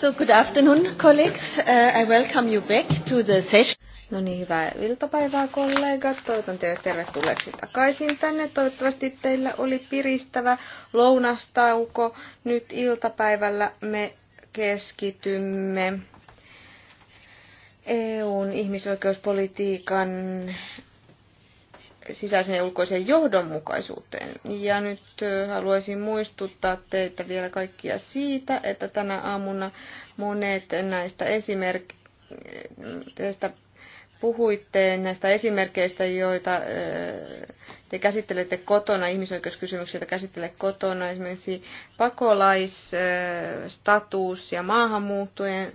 So good afternoon, colleagues. Uh, I welcome you back to the session. No niin, hyvää iltapäivää kollegat. Toivotan teille tervetulleeksi takaisin tänne. Toivottavasti teillä oli piristävä lounastauko. Nyt iltapäivällä me keskitymme EUn ihmisoikeuspolitiikan sisäisen ja ulkoisen johdonmukaisuuteen. Ja nyt haluaisin muistuttaa teitä vielä kaikkia siitä, että tänä aamuna monet näistä esimerkkeistä puhuitte, näistä esimerkkeistä, joita te käsittelette kotona, ihmisoikeuskysymyksiä, joita käsittelette kotona, esimerkiksi pakolaisstatus ja maahanmuuttojen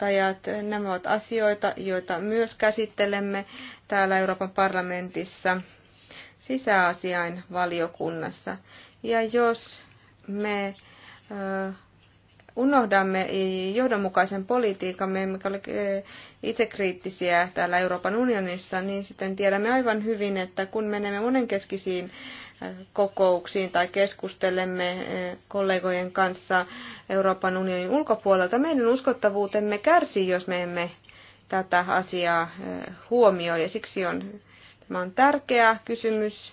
kuluttajat. Nämä ovat asioita, joita myös käsittelemme täällä Euroopan parlamentissa sisäasiain valiokunnassa. Ja jos me unohdamme johdonmukaisen politiikan, me emme ole itsekriittisiä täällä Euroopan unionissa, niin sitten tiedämme aivan hyvin, että kun menemme monenkeskisiin kokouksiin tai keskustelemme eh, kollegojen kanssa Euroopan unionin ulkopuolelta, meidän uskottavuutemme kärsii, jos me emme tätä asiaa eh, huomioi. Ja siksi on, tämä on tärkeä kysymys,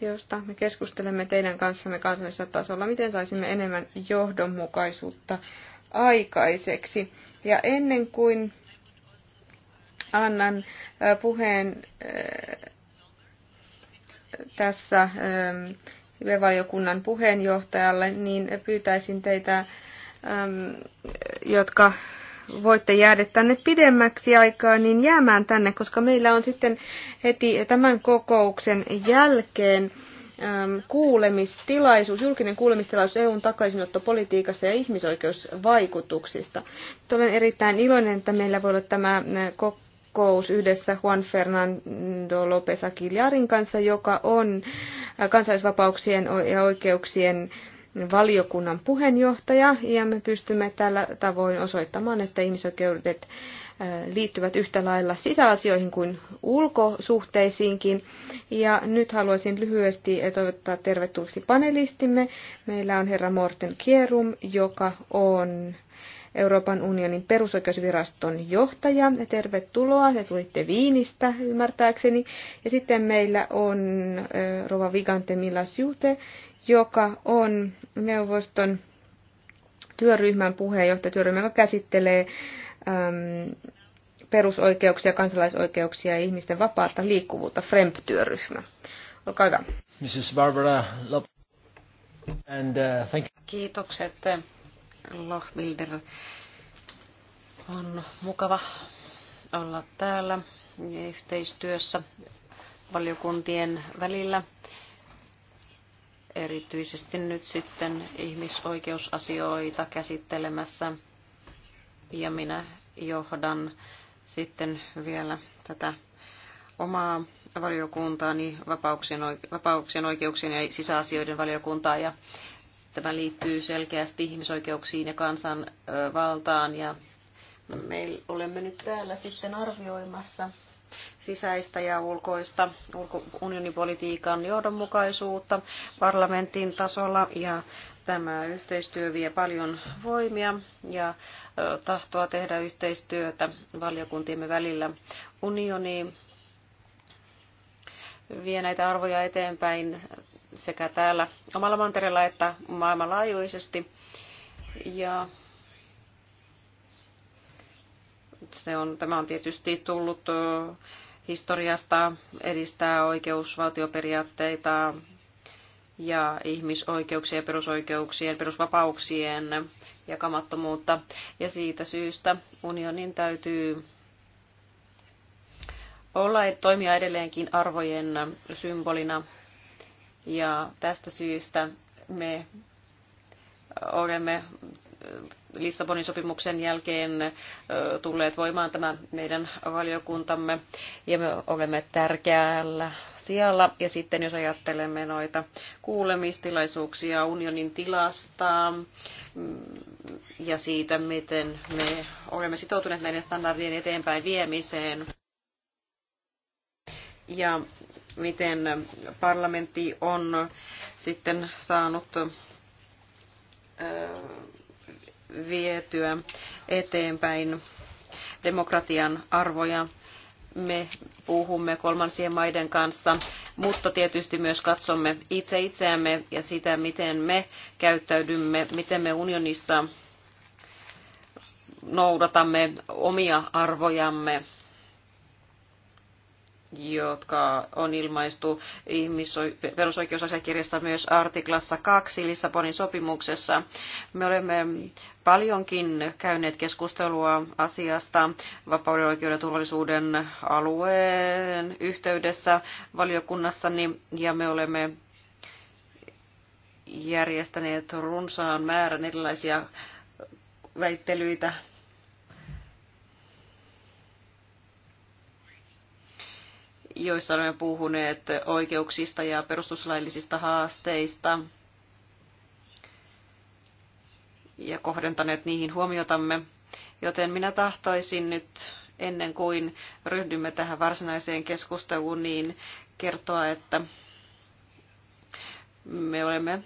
josta me keskustelemme teidän kanssamme kansallisella tasolla, miten saisimme enemmän johdonmukaisuutta aikaiseksi. Ja ennen kuin annan eh, puheen tässä ähm, valiokunnan puheenjohtajalle, niin pyytäisin teitä, ähm, jotka voitte jäädä tänne pidemmäksi aikaa, niin jäämään tänne, koska meillä on sitten heti tämän kokouksen jälkeen ähm, kuulemistilaisuus, julkinen kuulemistilaisuus EUn takaisinottopolitiikasta ja ihmisoikeusvaikutuksista. olen erittäin iloinen, että meillä voi olla tämä äh, kokous yhdessä Juan Fernando López Aguilarin kanssa, joka on äh, kansallisvapauksien ja oikeuksien valiokunnan puheenjohtaja, ja me pystymme tällä tavoin osoittamaan, että ihmisoikeudet äh, liittyvät yhtä lailla sisäasioihin kuin ulkosuhteisiinkin. Ja nyt haluaisin lyhyesti toivottaa tervetulleeksi panelistimme. Meillä on herra Morten Kierum, joka on Euroopan unionin perusoikeusviraston johtaja. Ja tervetuloa, te tulitte Viinistä ymmärtääkseni. Ja sitten meillä on Rova Vigante Milasjute, joka on neuvoston työryhmän puheenjohtaja, työryhmä, joka käsittelee äm, perusoikeuksia, kansalaisoikeuksia ja ihmisten vapaata liikkuvuutta, FREMP-työryhmä. Olkaa hyvä. Mrs. Barbara Lop- and, uh, thank- Kiitokset Lohbilder. On mukava olla täällä yhteistyössä valiokuntien välillä. Erityisesti nyt sitten ihmisoikeusasioita käsittelemässä. Ja minä johdan sitten vielä tätä omaa valiokuntaani, vapauksien, vapauksien oikeuksien ja sisäasioiden valiokuntaa. Ja Tämä liittyy selkeästi ihmisoikeuksiin ja kansanvaltaan ja me olemme nyt täällä sitten arvioimassa sisäistä ja ulkoista unionipolitiikan johdonmukaisuutta parlamentin tasolla ja tämä yhteistyö vie paljon voimia ja tahtoa tehdä yhteistyötä valiokuntiemme välillä. Unioni vie näitä arvoja eteenpäin sekä täällä omalla mantereella että maailmanlaajuisesti. Ja se on, tämä on tietysti tullut historiasta edistää oikeusvaltioperiaatteita ja ihmisoikeuksien, perusoikeuksien, perusvapauksien jakamattomuutta. Ja siitä syystä unionin täytyy olla toimia edelleenkin arvojen symbolina ja tästä syystä me olemme Lissabonin sopimuksen jälkeen tulleet voimaan tämä meidän valiokuntamme ja me olemme tärkeällä sijalla. Ja sitten jos ajattelemme noita kuulemistilaisuuksia unionin tilasta mm, ja siitä, miten me olemme sitoutuneet näiden standardien eteenpäin viemiseen, ja miten parlamentti on sitten saanut vietyä eteenpäin demokratian arvoja. Me puhumme kolmansien maiden kanssa, mutta tietysti myös katsomme itse itseämme ja sitä, miten me käyttäydymme, miten me unionissa noudatamme omia arvojamme jotka on ilmaistu perusoikeusasiakirjassa myös artiklassa 2 Lissabonin sopimuksessa. Me olemme paljonkin käyneet keskustelua asiasta vapauden, oikeuden turvallisuuden alueen yhteydessä valiokunnassani ja me olemme järjestäneet runsaan määrän erilaisia väittelyitä joissa olemme puhuneet oikeuksista ja perustuslaillisista haasteista ja kohdentaneet niihin huomiotamme. Joten minä tahtoisin nyt ennen kuin ryhdymme tähän varsinaiseen keskusteluun, niin kertoa, että me olemme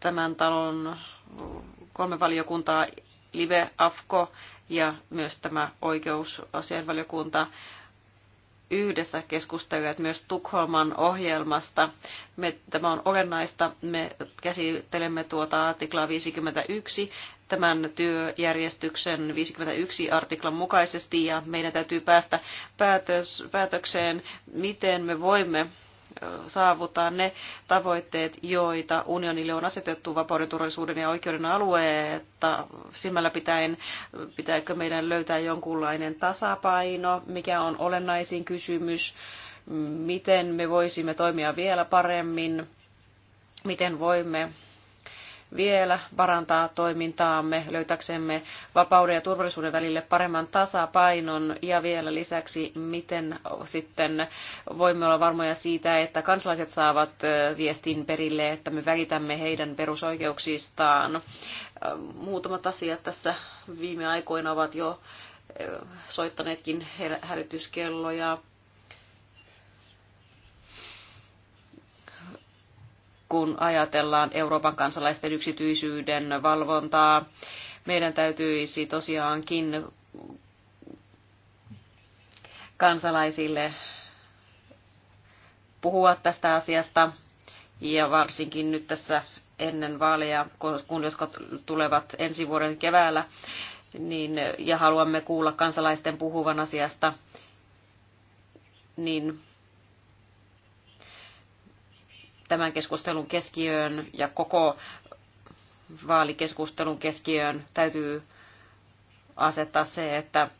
tämän talon kolme valiokuntaa Live Afko ja myös tämä oikeusasianvaliokunta yhdessä keskustelijat myös Tukholman ohjelmasta. Me, tämä on olennaista. Me käsittelemme tuota artiklaa 51 tämän työjärjestyksen 51 artiklan mukaisesti ja meidän täytyy päästä päätös, päätökseen, miten me voimme saavuttaa ne tavoitteet, joita unionille on asetettu vapauden, turvallisuuden ja oikeuden että silmällä pitäen. Pitääkö meidän löytää jonkunlainen tasapaino, mikä on olennaisin kysymys, miten me voisimme toimia vielä paremmin, miten voimme vielä parantaa toimintaamme, löytäksemme vapauden ja turvallisuuden välille paremman tasapainon ja vielä lisäksi, miten sitten voimme olla varmoja siitä, että kansalaiset saavat viestin perille, että me välitämme heidän perusoikeuksistaan. Muutamat asiat tässä viime aikoina ovat jo soittaneetkin hälytyskelloja kun ajatellaan Euroopan kansalaisten yksityisyyden valvontaa. Meidän täytyisi tosiaankin kansalaisille puhua tästä asiasta ja varsinkin nyt tässä ennen vaaleja, kun jotka tulevat ensi vuoden keväällä, niin, ja haluamme kuulla kansalaisten puhuvan asiasta, niin tämän keskustelun keskiöön ja koko vaalikeskustelun keskiöön täytyy asettaa se, että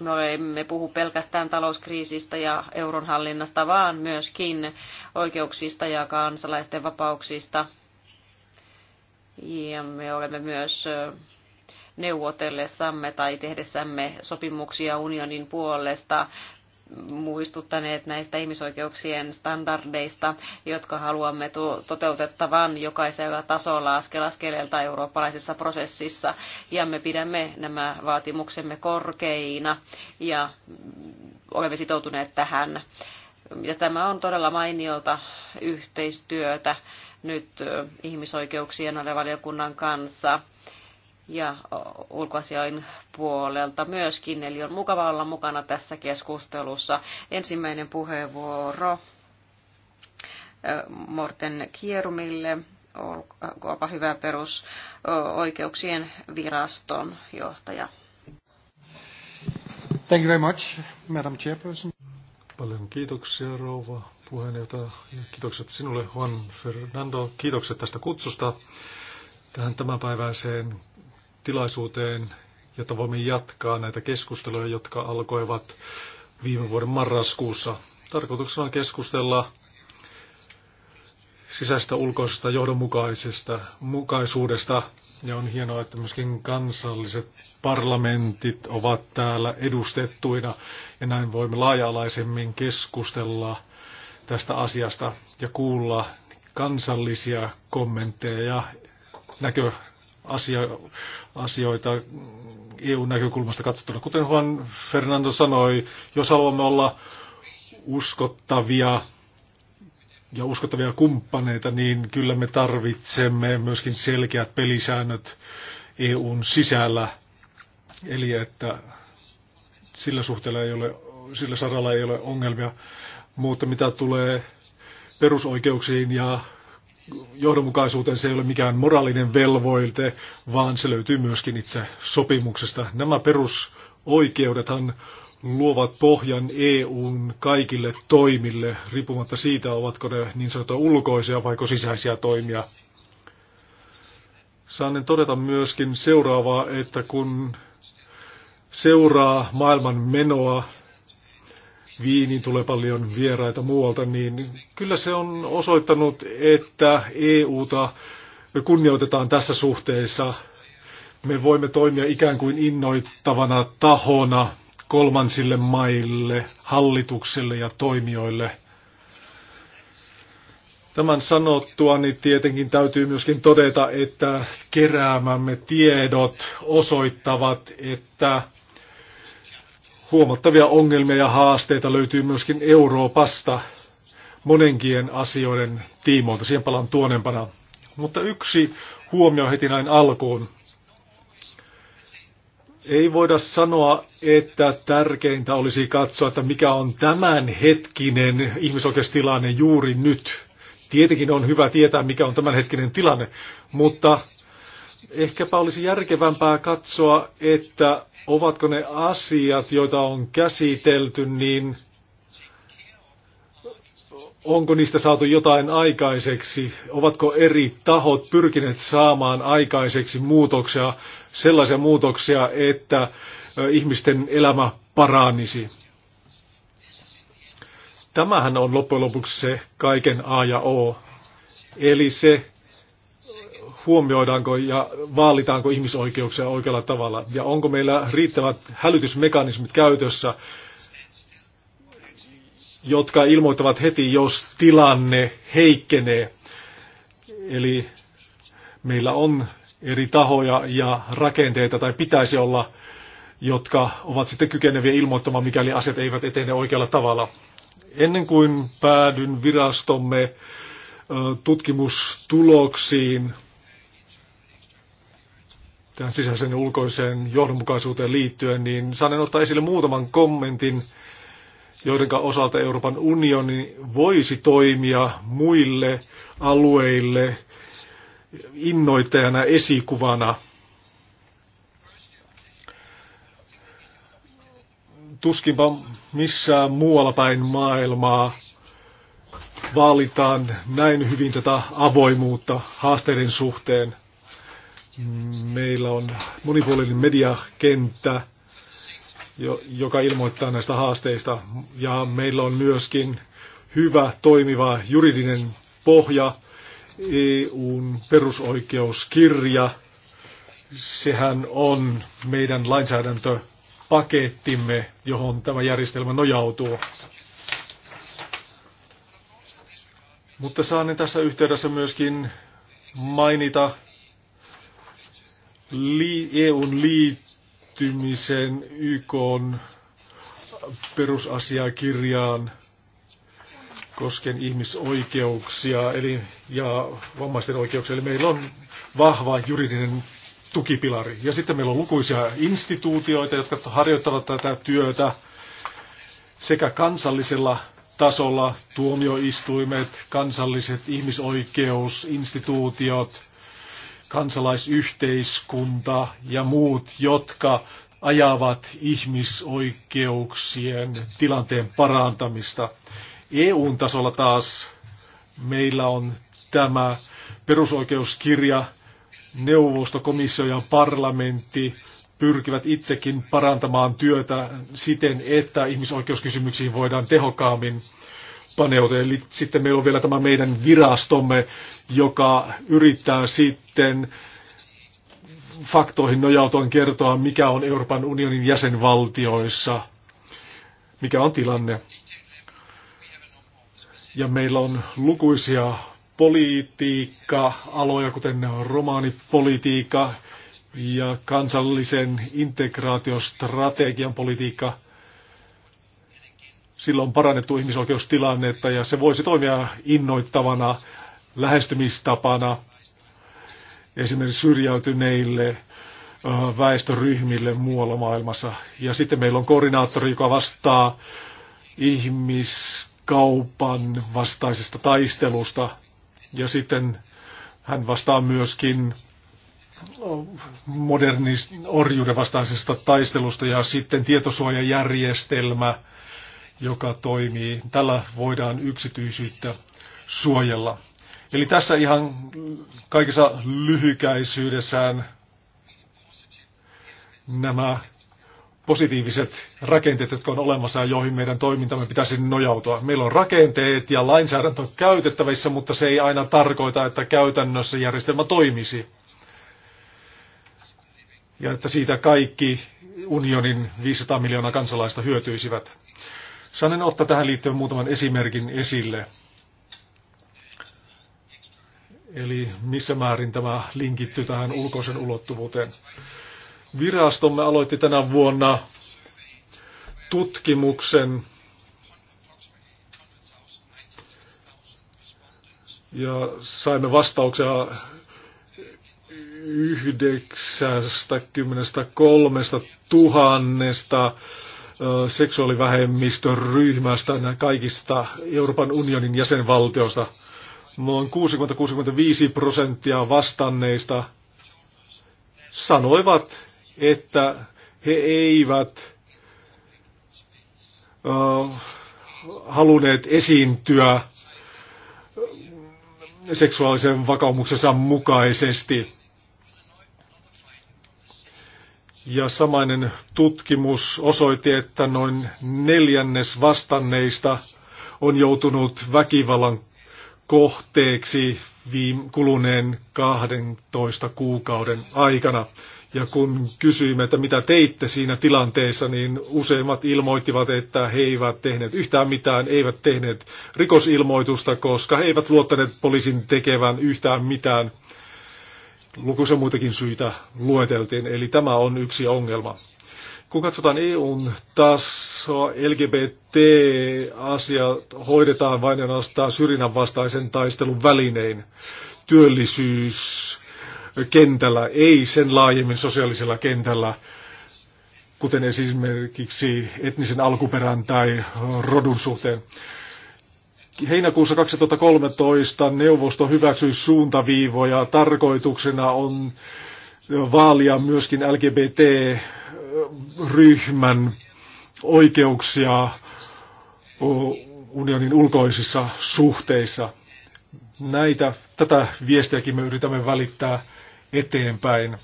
me emme puhu pelkästään talouskriisistä ja euron hallinnasta, vaan myöskin oikeuksista ja kansalaisten vapauksista. Ja me olemme myös neuvotellessamme tai tehdessämme sopimuksia unionin puolesta muistuttaneet näistä ihmisoikeuksien standardeista, jotka haluamme toteutettavan jokaisella tasolla askel askeleelta eurooppalaisessa prosessissa. Ja me pidämme nämä vaatimuksemme korkeina ja olemme sitoutuneet tähän. Ja tämä on todella mainiota yhteistyötä nyt ihmisoikeuksien alevaliokunnan kanssa ja ulkoasiain puolelta myöskin, eli on mukava olla mukana tässä keskustelussa. Ensimmäinen puheenvuoro Morten Kierumille, olkaapa hyvä perus oikeuksien viraston johtaja. Thank you very much, Madam Chairperson. Paljon kiitoksia, rouva puheenjohtaja. Kiitokset sinulle, Juan Fernando. Kiitokset tästä kutsusta tähän tämänpäiväiseen tilaisuuteen, jota voimme jatkaa näitä keskusteluja, jotka alkoivat viime vuoden marraskuussa. Tarkoituksena on keskustella sisäistä ulkoisesta johdonmukaisesta mukaisuudesta. Ja on hienoa, että myöskin kansalliset parlamentit ovat täällä edustettuina ja näin voimme laaja-alaisemmin keskustella tästä asiasta ja kuulla kansallisia kommentteja ja näkö, asia, asioita EU-näkökulmasta katsottuna. Kuten Juan Fernando sanoi, jos haluamme olla uskottavia ja uskottavia kumppaneita, niin kyllä me tarvitsemme myöskin selkeät pelisäännöt EUn sisällä. Eli että sillä suhteella ei ole, sillä saralla ei ole ongelmia. Mutta mitä tulee perusoikeuksiin ja johdonmukaisuuteen se ei ole mikään moraalinen velvoite, vaan se löytyy myöskin itse sopimuksesta. Nämä perusoikeudethan luovat pohjan EUn kaikille toimille, riippumatta siitä, ovatko ne niin sanottuja ulkoisia vai sisäisiä toimia. Saan todeta myöskin seuraavaa, että kun seuraa maailman menoa, Viiniin tulee paljon vieraita muualta, niin kyllä se on osoittanut, että EUta kunnioitetaan tässä suhteessa. Me voimme toimia ikään kuin innoittavana tahona kolmansille maille, hallitukselle ja toimijoille. Tämän sanottua niin tietenkin täytyy myöskin todeta, että keräämämme tiedot osoittavat, että Huomattavia ongelmia ja haasteita löytyy myöskin Euroopasta monenkien asioiden tiimoilta. Siihen palaan tuonempana. Mutta yksi huomio heti näin alkuun. Ei voida sanoa, että tärkeintä olisi katsoa, että mikä on tämänhetkinen ihmisoikeustilanne juuri nyt. Tietenkin on hyvä tietää, mikä on tämänhetkinen tilanne, mutta ehkäpä olisi järkevämpää katsoa, että ovatko ne asiat, joita on käsitelty, niin onko niistä saatu jotain aikaiseksi, ovatko eri tahot pyrkineet saamaan aikaiseksi muutoksia, sellaisia muutoksia, että ihmisten elämä paranisi. Tämähän on loppujen lopuksi se kaiken A ja O. Eli se, huomioidaanko ja vaalitaanko ihmisoikeuksia oikealla tavalla ja onko meillä riittävät hälytysmekanismit käytössä, jotka ilmoittavat heti, jos tilanne heikkenee. Eli meillä on eri tahoja ja rakenteita tai pitäisi olla, jotka ovat sitten kykeneviä ilmoittamaan, mikäli asiat eivät etene oikealla tavalla. Ennen kuin päädyn virastomme tutkimustuloksiin, tähän sisäisen ja ulkoiseen johdonmukaisuuteen liittyen, niin saan ottaa esille muutaman kommentin, joiden osalta Euroopan unioni voisi toimia muille alueille innoittajana, esikuvana. Tuskinpa missään muualla päin maailmaa vaalitaan näin hyvin tätä avoimuutta haasteiden suhteen – Meillä on monipuolinen mediakenttä, joka ilmoittaa näistä haasteista. Ja meillä on myöskin hyvä, toimiva juridinen pohja, EUn perusoikeuskirja. Sehän on meidän lainsäädäntöpakettimme, johon tämä järjestelmä nojautuu. Mutta saan tässä yhteydessä myöskin mainita EUn liittymisen YK perusasiakirjaan kosken ihmisoikeuksia eli, ja vammaisten oikeuksia. Eli meillä on vahva juridinen tukipilari. Ja sitten meillä on lukuisia instituutioita, jotka harjoittavat tätä työtä sekä kansallisella tasolla, tuomioistuimet, kansalliset ihmisoikeusinstituutiot, kansalaisyhteiskunta ja muut, jotka ajavat ihmisoikeuksien tilanteen parantamista. EUn tasolla taas meillä on tämä perusoikeuskirja, neuvosto, komissio ja parlamentti pyrkivät itsekin parantamaan työtä siten, että ihmisoikeuskysymyksiin voidaan tehokkaammin Paneutuu, Eli sitten meillä on vielä tämä meidän virastomme, joka yrittää sitten faktoihin nojautuen kertoa, mikä on Euroopan unionin jäsenvaltioissa, mikä on tilanne. Ja meillä on lukuisia politiikka-aloja, kuten romaanipolitiikka ja kansallisen integraatiostrategian politiikka – Silloin on parannettu ihmisoikeustilannetta ja se voisi toimia innoittavana lähestymistapana esimerkiksi syrjäytyneille väestöryhmille muualla maailmassa. Ja sitten meillä on koordinaattori, joka vastaa ihmiskaupan vastaisesta taistelusta. Ja sitten hän vastaa myöskin modernist orjuuden vastaisesta taistelusta ja sitten tietosuojajärjestelmä joka toimii. Tällä voidaan yksityisyyttä suojella. Eli tässä ihan kaikessa lyhykäisyydessään nämä positiiviset rakenteet, jotka on olemassa ja joihin meidän toimintamme pitäisi nojautua. Meillä on rakenteet ja lainsäädäntö käytettävissä, mutta se ei aina tarkoita, että käytännössä järjestelmä toimisi. Ja että siitä kaikki unionin 500 miljoonaa kansalaista hyötyisivät. Sanen ottaa tähän liittyen muutaman esimerkin esille. Eli missä määrin tämä linkittyy tähän ulkoisen ulottuvuuteen. Virastomme aloitti tänä vuonna tutkimuksen ja saimme vastauksia 93 000 seksuaalivähemmistöryhmästä kaikista Euroopan unionin jäsenvaltioista. Noin 60-65 prosenttia vastanneista sanoivat, että he eivät halunneet esiintyä seksuaalisen vakaumuksensa mukaisesti. Ja samainen tutkimus osoitti, että noin neljännes vastanneista on joutunut väkivallan kohteeksi viime, kuluneen 12 kuukauden aikana. Ja kun kysyimme, että mitä teitte siinä tilanteessa, niin useimmat ilmoittivat, että he eivät tehneet yhtään mitään, eivät tehneet rikosilmoitusta, koska he eivät luottaneet poliisin tekevän yhtään mitään lukuisia muitakin syitä lueteltiin, eli tämä on yksi ongelma. Kun katsotaan EUn tasoa, LGBT-asiat hoidetaan vain ainoastaan syrjinnän vastaisen taistelun välinein. työllisyyskentällä ei sen laajemmin sosiaalisella kentällä, kuten esimerkiksi etnisen alkuperän tai rodun suhteen. Heinäkuussa 2013 neuvosto hyväksyi suuntaviivoja. Tarkoituksena on vaalia myöskin LGBT-ryhmän oikeuksia unionin ulkoisissa suhteissa. Näitä, tätä viestiäkin me yritämme välittää eteenpäin.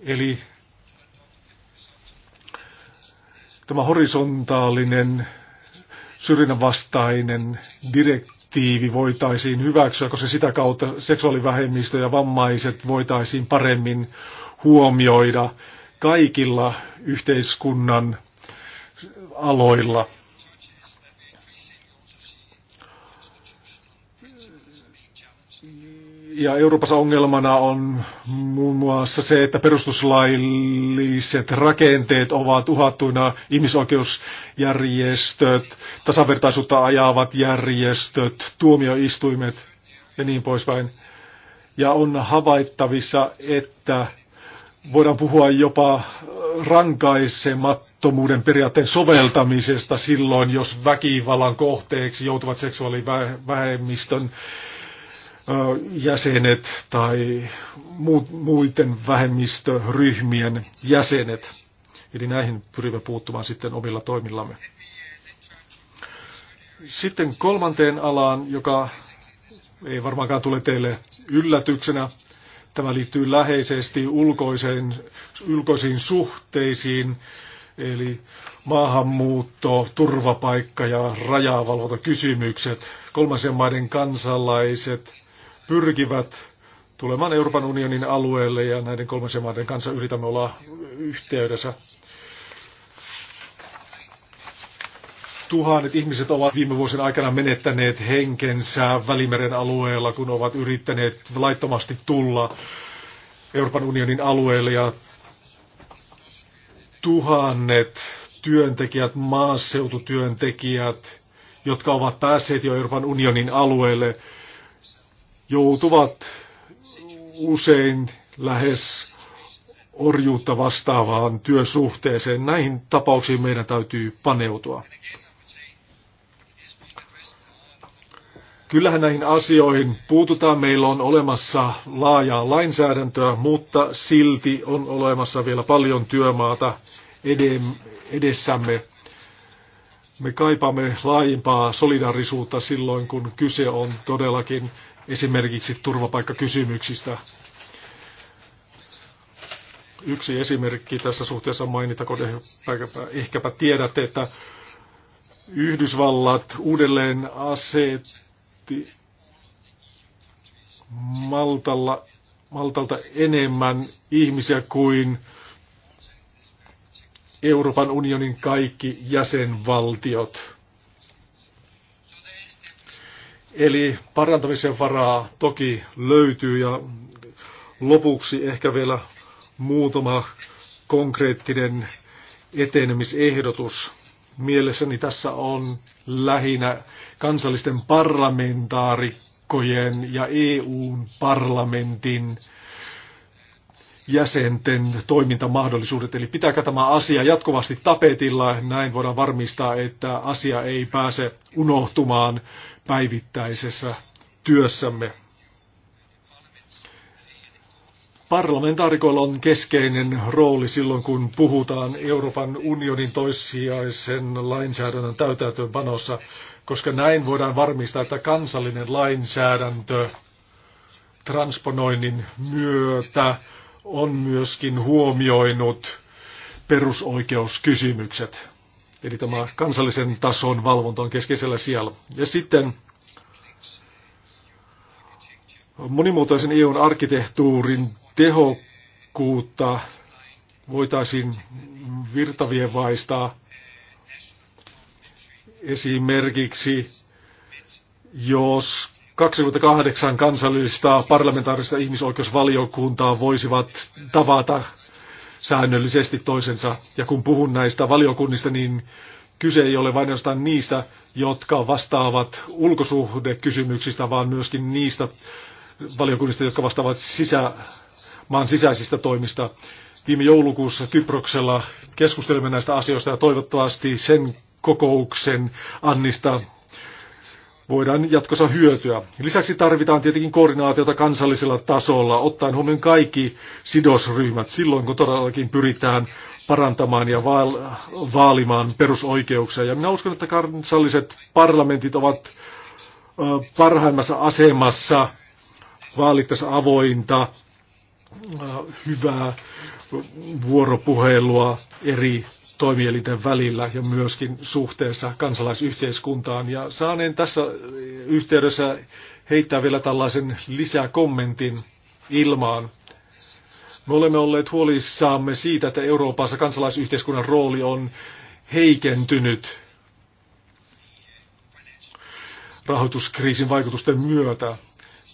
Eli tämä horisontaalinen syrjinnän vastainen direktiivi voitaisiin hyväksyä, koska sitä kautta seksuaalivähemmistö ja vammaiset voitaisiin paremmin huomioida kaikilla yhteiskunnan aloilla – Ja Euroopassa ongelmana on muun muassa se, että perustuslailliset rakenteet ovat uhattuina ihmisoikeusjärjestöt, tasavertaisuutta ajavat järjestöt, tuomioistuimet ja niin poispäin. Ja on havaittavissa, että voidaan puhua jopa rankaisemattomuuden periaatteen soveltamisesta silloin, jos väkivallan kohteeksi joutuvat seksuaalivähemmistön jäsenet tai muiden vähemmistöryhmien jäsenet. Eli näihin pyrimme puuttumaan sitten omilla toimillamme. Sitten kolmanteen alaan, joka ei varmaankaan tule teille yllätyksenä. Tämä liittyy läheisesti ulkoiseen, ulkoisiin suhteisiin, eli maahanmuutto, turvapaikka ja rajavalvontakysymykset, kolmansien maiden kansalaiset – pyrkivät tulemaan Euroopan unionin alueelle ja näiden kolmansien maiden kanssa yritämme olla yhteydessä. Tuhannet ihmiset ovat viime vuosien aikana menettäneet henkensä Välimeren alueella, kun ovat yrittäneet laittomasti tulla Euroopan unionin alueelle ja tuhannet työntekijät, maaseututyöntekijät, jotka ovat päässeet jo Euroopan unionin alueelle, joutuvat usein lähes orjuutta vastaavaan työsuhteeseen. Näihin tapauksiin meidän täytyy paneutua. Kyllähän näihin asioihin puututaan. Meillä on olemassa laajaa lainsäädäntöä, mutta silti on olemassa vielä paljon työmaata edessämme. Me kaipaamme laajempaa solidarisuutta silloin, kun kyse on todellakin esimerkiksi turvapaikkakysymyksistä. Yksi esimerkki tässä suhteessa mainitakoon, ehkäpä tiedätte, että Yhdysvallat uudelleen asetti Maltalla, Maltalta enemmän ihmisiä kuin Euroopan unionin kaikki jäsenvaltiot. Eli parantamisen varaa toki löytyy ja lopuksi ehkä vielä muutama konkreettinen etenemisehdotus. Mielessäni tässä on lähinnä kansallisten parlamentaarikkojen ja EUn parlamentin jäsenten toimintamahdollisuudet. Eli pitääkö tämä asia jatkuvasti tapetilla, näin voidaan varmistaa, että asia ei pääse unohtumaan päivittäisessä työssämme. Parlamentaarikoilla on keskeinen rooli silloin, kun puhutaan Euroopan unionin toissijaisen lainsäädännön täytäntöönpanossa, koska näin voidaan varmistaa, että kansallinen lainsäädäntö transponoinnin myötä on myöskin huomioinut perusoikeuskysymykset. Eli tämä kansallisen tason valvonta on keskeisellä siellä. Ja sitten monimuotoisen EUn arkkitehtuurin tehokkuutta voitaisiin vaistaa esimerkiksi, jos 28 kansallista parlamentaarista ihmisoikeusvaliokuntaa voisivat tavata säännöllisesti toisensa. Ja kun puhun näistä valiokunnista, niin kyse ei ole vain jostain niistä, jotka vastaavat ulkosuhdekysymyksistä, vaan myöskin niistä valiokunnista, jotka vastaavat sisä, maan sisäisistä toimista. Viime joulukuussa Kyproksella keskustelimme näistä asioista ja toivottavasti sen kokouksen Annista voidaan jatkossa hyötyä. Lisäksi tarvitaan tietenkin koordinaatiota kansallisella tasolla, ottaen huomioon kaikki sidosryhmät silloin, kun todellakin pyritään parantamaan ja vaalimaan perusoikeuksia. Ja minä uskon, että kansalliset parlamentit ovat parhaimmassa asemassa vaalittaessa avointa, hyvää vuoropuhelua eri toimielinten välillä ja myöskin suhteessa kansalaisyhteiskuntaan. Ja saaneen tässä yhteydessä heittää vielä tällaisen lisäkommentin ilmaan. Me olemme olleet huolissaamme siitä, että Euroopassa kansalaisyhteiskunnan rooli on heikentynyt rahoituskriisin vaikutusten myötä.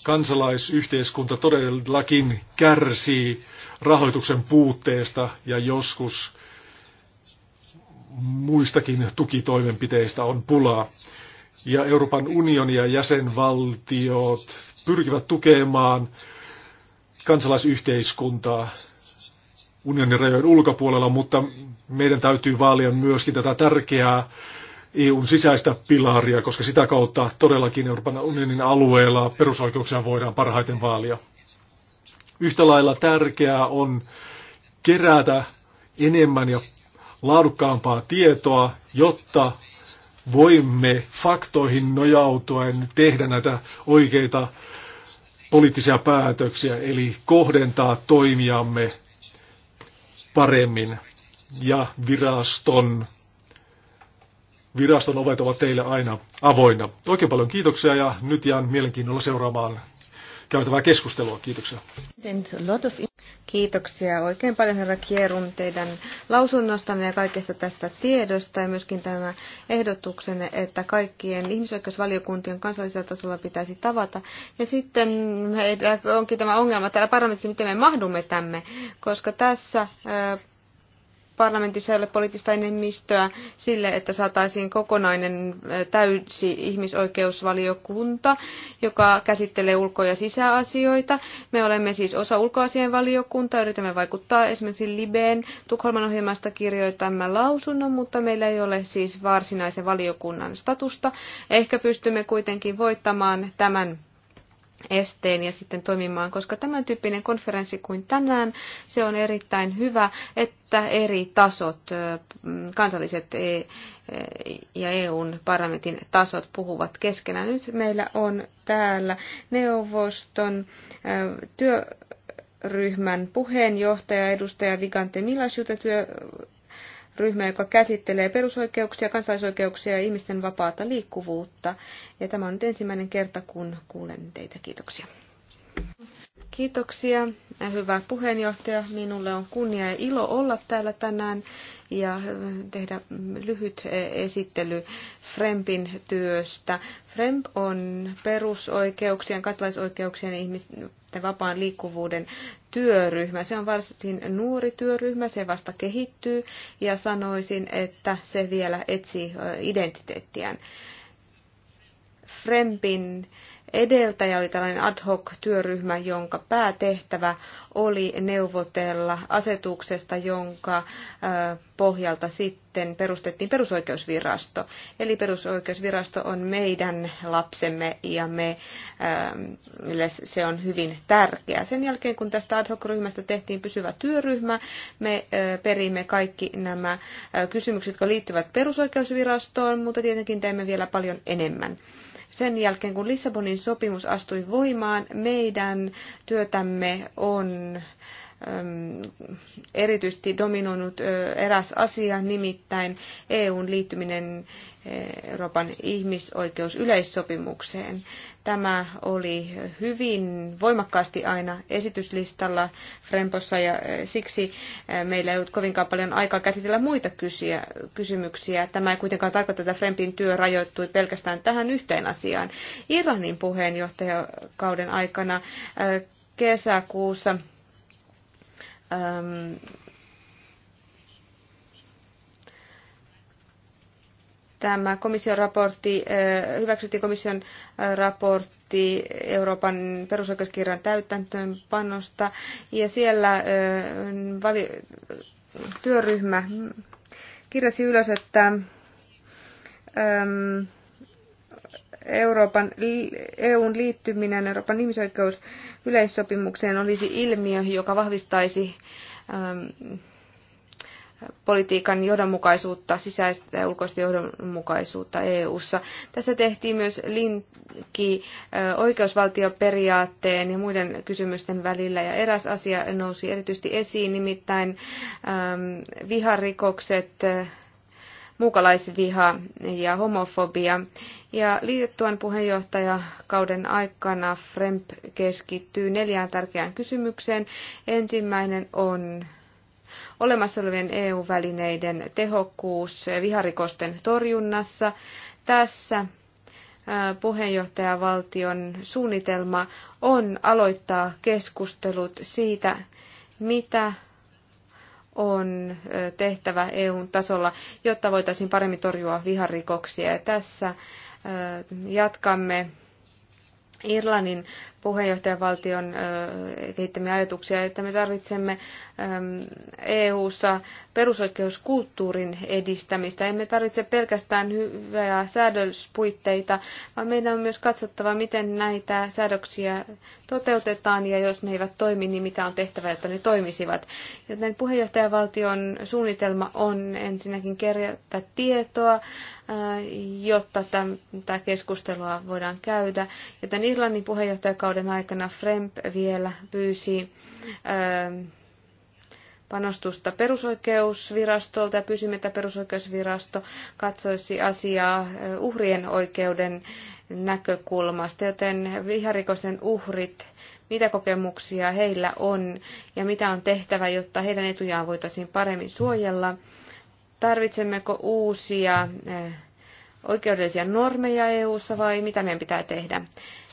Kansalaisyhteiskunta todellakin kärsii rahoituksen puutteesta ja joskus muistakin tukitoimenpiteistä on pulaa. Ja Euroopan unioni ja jäsenvaltiot pyrkivät tukemaan kansalaisyhteiskuntaa unionin rajojen ulkopuolella, mutta meidän täytyy vaalia myöskin tätä tärkeää EUn sisäistä pilaria, koska sitä kautta todellakin Euroopan unionin alueella perusoikeuksia voidaan parhaiten vaalia. Yhtä lailla tärkeää on kerätä enemmän ja laadukkaampaa tietoa, jotta voimme faktoihin nojautuen tehdä näitä oikeita poliittisia päätöksiä, eli kohdentaa toimiamme paremmin. Ja viraston, viraston ovet ovat teille aina avoinna. Oikein paljon kiitoksia ja nyt jään mielenkiinnolla seuraamaan käytävää keskustelua. Kiitoksia. Kiitoksia oikein paljon herra Kierun teidän lausunnostanne ja kaikesta tästä tiedosta ja myöskin tämä ehdotuksenne, että kaikkien ihmisoikeusvaliokuntien kansallisella tasolla pitäisi tavata. Ja sitten onkin tämä ongelma täällä parlamentissa, miten me mahdumme tämme, koska tässä parlamentissa ei ole poliittista enemmistöä sille, että saataisiin kokonainen täysi ihmisoikeusvaliokunta, joka käsittelee ulko- ja sisäasioita. Me olemme siis osa ulkoasian valiokuntaa, yritämme vaikuttaa esimerkiksi Libeen Tukholman ohjelmasta kirjoitamme lausunnon, mutta meillä ei ole siis varsinaisen valiokunnan statusta. Ehkä pystymme kuitenkin voittamaan tämän esteen ja sitten toimimaan, koska tämän tyyppinen konferenssi kuin tänään, se on erittäin hyvä, että eri tasot, kansalliset e, e, ja EUn parlamentin tasot puhuvat keskenään. Nyt meillä on täällä neuvoston työryhmän puheenjohtaja edustaja Vigante Milasjuta, työ, ryhmä, joka käsittelee perusoikeuksia, kansalaisoikeuksia ja ihmisten vapaata liikkuvuutta. Ja tämä on nyt ensimmäinen kerta, kun kuulen teitä. Kiitoksia. Kiitoksia, hyvä puheenjohtaja. Minulle on kunnia ja ilo olla täällä tänään ja tehdä lyhyt e, esittely Frempin työstä. Fremp on perusoikeuksien, kansalaisoikeuksien ja ihmisten vapaan liikkuvuuden työryhmä. Se on varsin nuori työryhmä, se vasta kehittyy ja sanoisin, että se vielä etsii identiteettiään. Frempin edeltäjä oli tällainen ad hoc työryhmä, jonka päätehtävä oli neuvotella asetuksesta, jonka pohjalta sitten perustettiin perusoikeusvirasto. Eli perusoikeusvirasto on meidän lapsemme ja me, se on hyvin tärkeä. Sen jälkeen, kun tästä ad hoc-ryhmästä tehtiin pysyvä työryhmä, me perimme kaikki nämä kysymykset, jotka liittyvät perusoikeusvirastoon, mutta tietenkin teemme vielä paljon enemmän. Sen jälkeen, kun Lissabonin sopimus astui voimaan, meidän työtämme on erityisesti dominoinut eräs asia, nimittäin EUn liittyminen Euroopan ihmisoikeusyleissopimukseen. Tämä oli hyvin voimakkaasti aina esityslistalla Frempossa ja siksi meillä ei ollut kovinkaan paljon aikaa käsitellä muita kysymyksiä. Tämä ei kuitenkaan tarkoita, että Frempin työ rajoittui pelkästään tähän yhteen asiaan. Iranin puheenjohtajakauden aikana kesäkuussa Ähm, tämä komission raportti, äh, hyväksyttiin komission äh, raportti Euroopan perusoikeuskirjan täytäntöönpanosta ja siellä äh, työryhmä kirjasi ylös, että ähm, Euroopan, EUn liittyminen Euroopan yleissopimukseen olisi ilmiö, joka vahvistaisi ähm, politiikan johdonmukaisuutta, sisäistä ja ulkoista johdonmukaisuutta EU:ssa. Tässä tehtiin myös linkki oikeusvaltioperiaatteen ja muiden kysymysten välillä, ja eräs asia nousi erityisesti esiin, nimittäin äm, viharikokset, muukalaisviha ja homofobia. Ja liitettuan puheenjohtajakauden aikana FREMP keskittyy neljään tärkeään kysymykseen. Ensimmäinen on olemassa olevien EU-välineiden tehokkuus viharikosten torjunnassa. Tässä puheenjohtajavaltion suunnitelma on aloittaa keskustelut siitä, mitä on tehtävä EU-tasolla, jotta voitaisiin paremmin torjua viharikoksia. Ja tässä jatkamme Irlannin puheenjohtajavaltion kehittämiä ajatuksia, että me tarvitsemme EU-ssa perusoikeuskulttuurin edistämistä. Emme tarvitse pelkästään hyviä säädöspuitteita, vaan meidän on myös katsottava, miten näitä säädöksiä toteutetaan ja jos ne eivät toimi, niin mitä on tehtävä, jotta ne toimisivat. Joten puheenjohtajavaltion suunnitelma on ensinnäkin kerätä tietoa, jotta tätä keskustelua voidaan käydä. Joten Irlannin puheenjohtajakauden vuoden aikana FREMP vielä pyysi ähm, panostusta perusoikeusvirastolta ja pyysimme, että perusoikeusvirasto katsoisi asiaa äh, uhrien oikeuden näkökulmasta, joten viharikosten uhrit, mitä kokemuksia heillä on ja mitä on tehtävä, jotta heidän etujaan voitaisiin paremmin suojella. Tarvitsemmeko uusia äh, oikeudellisia normeja EU-ssa vai mitä meidän pitää tehdä?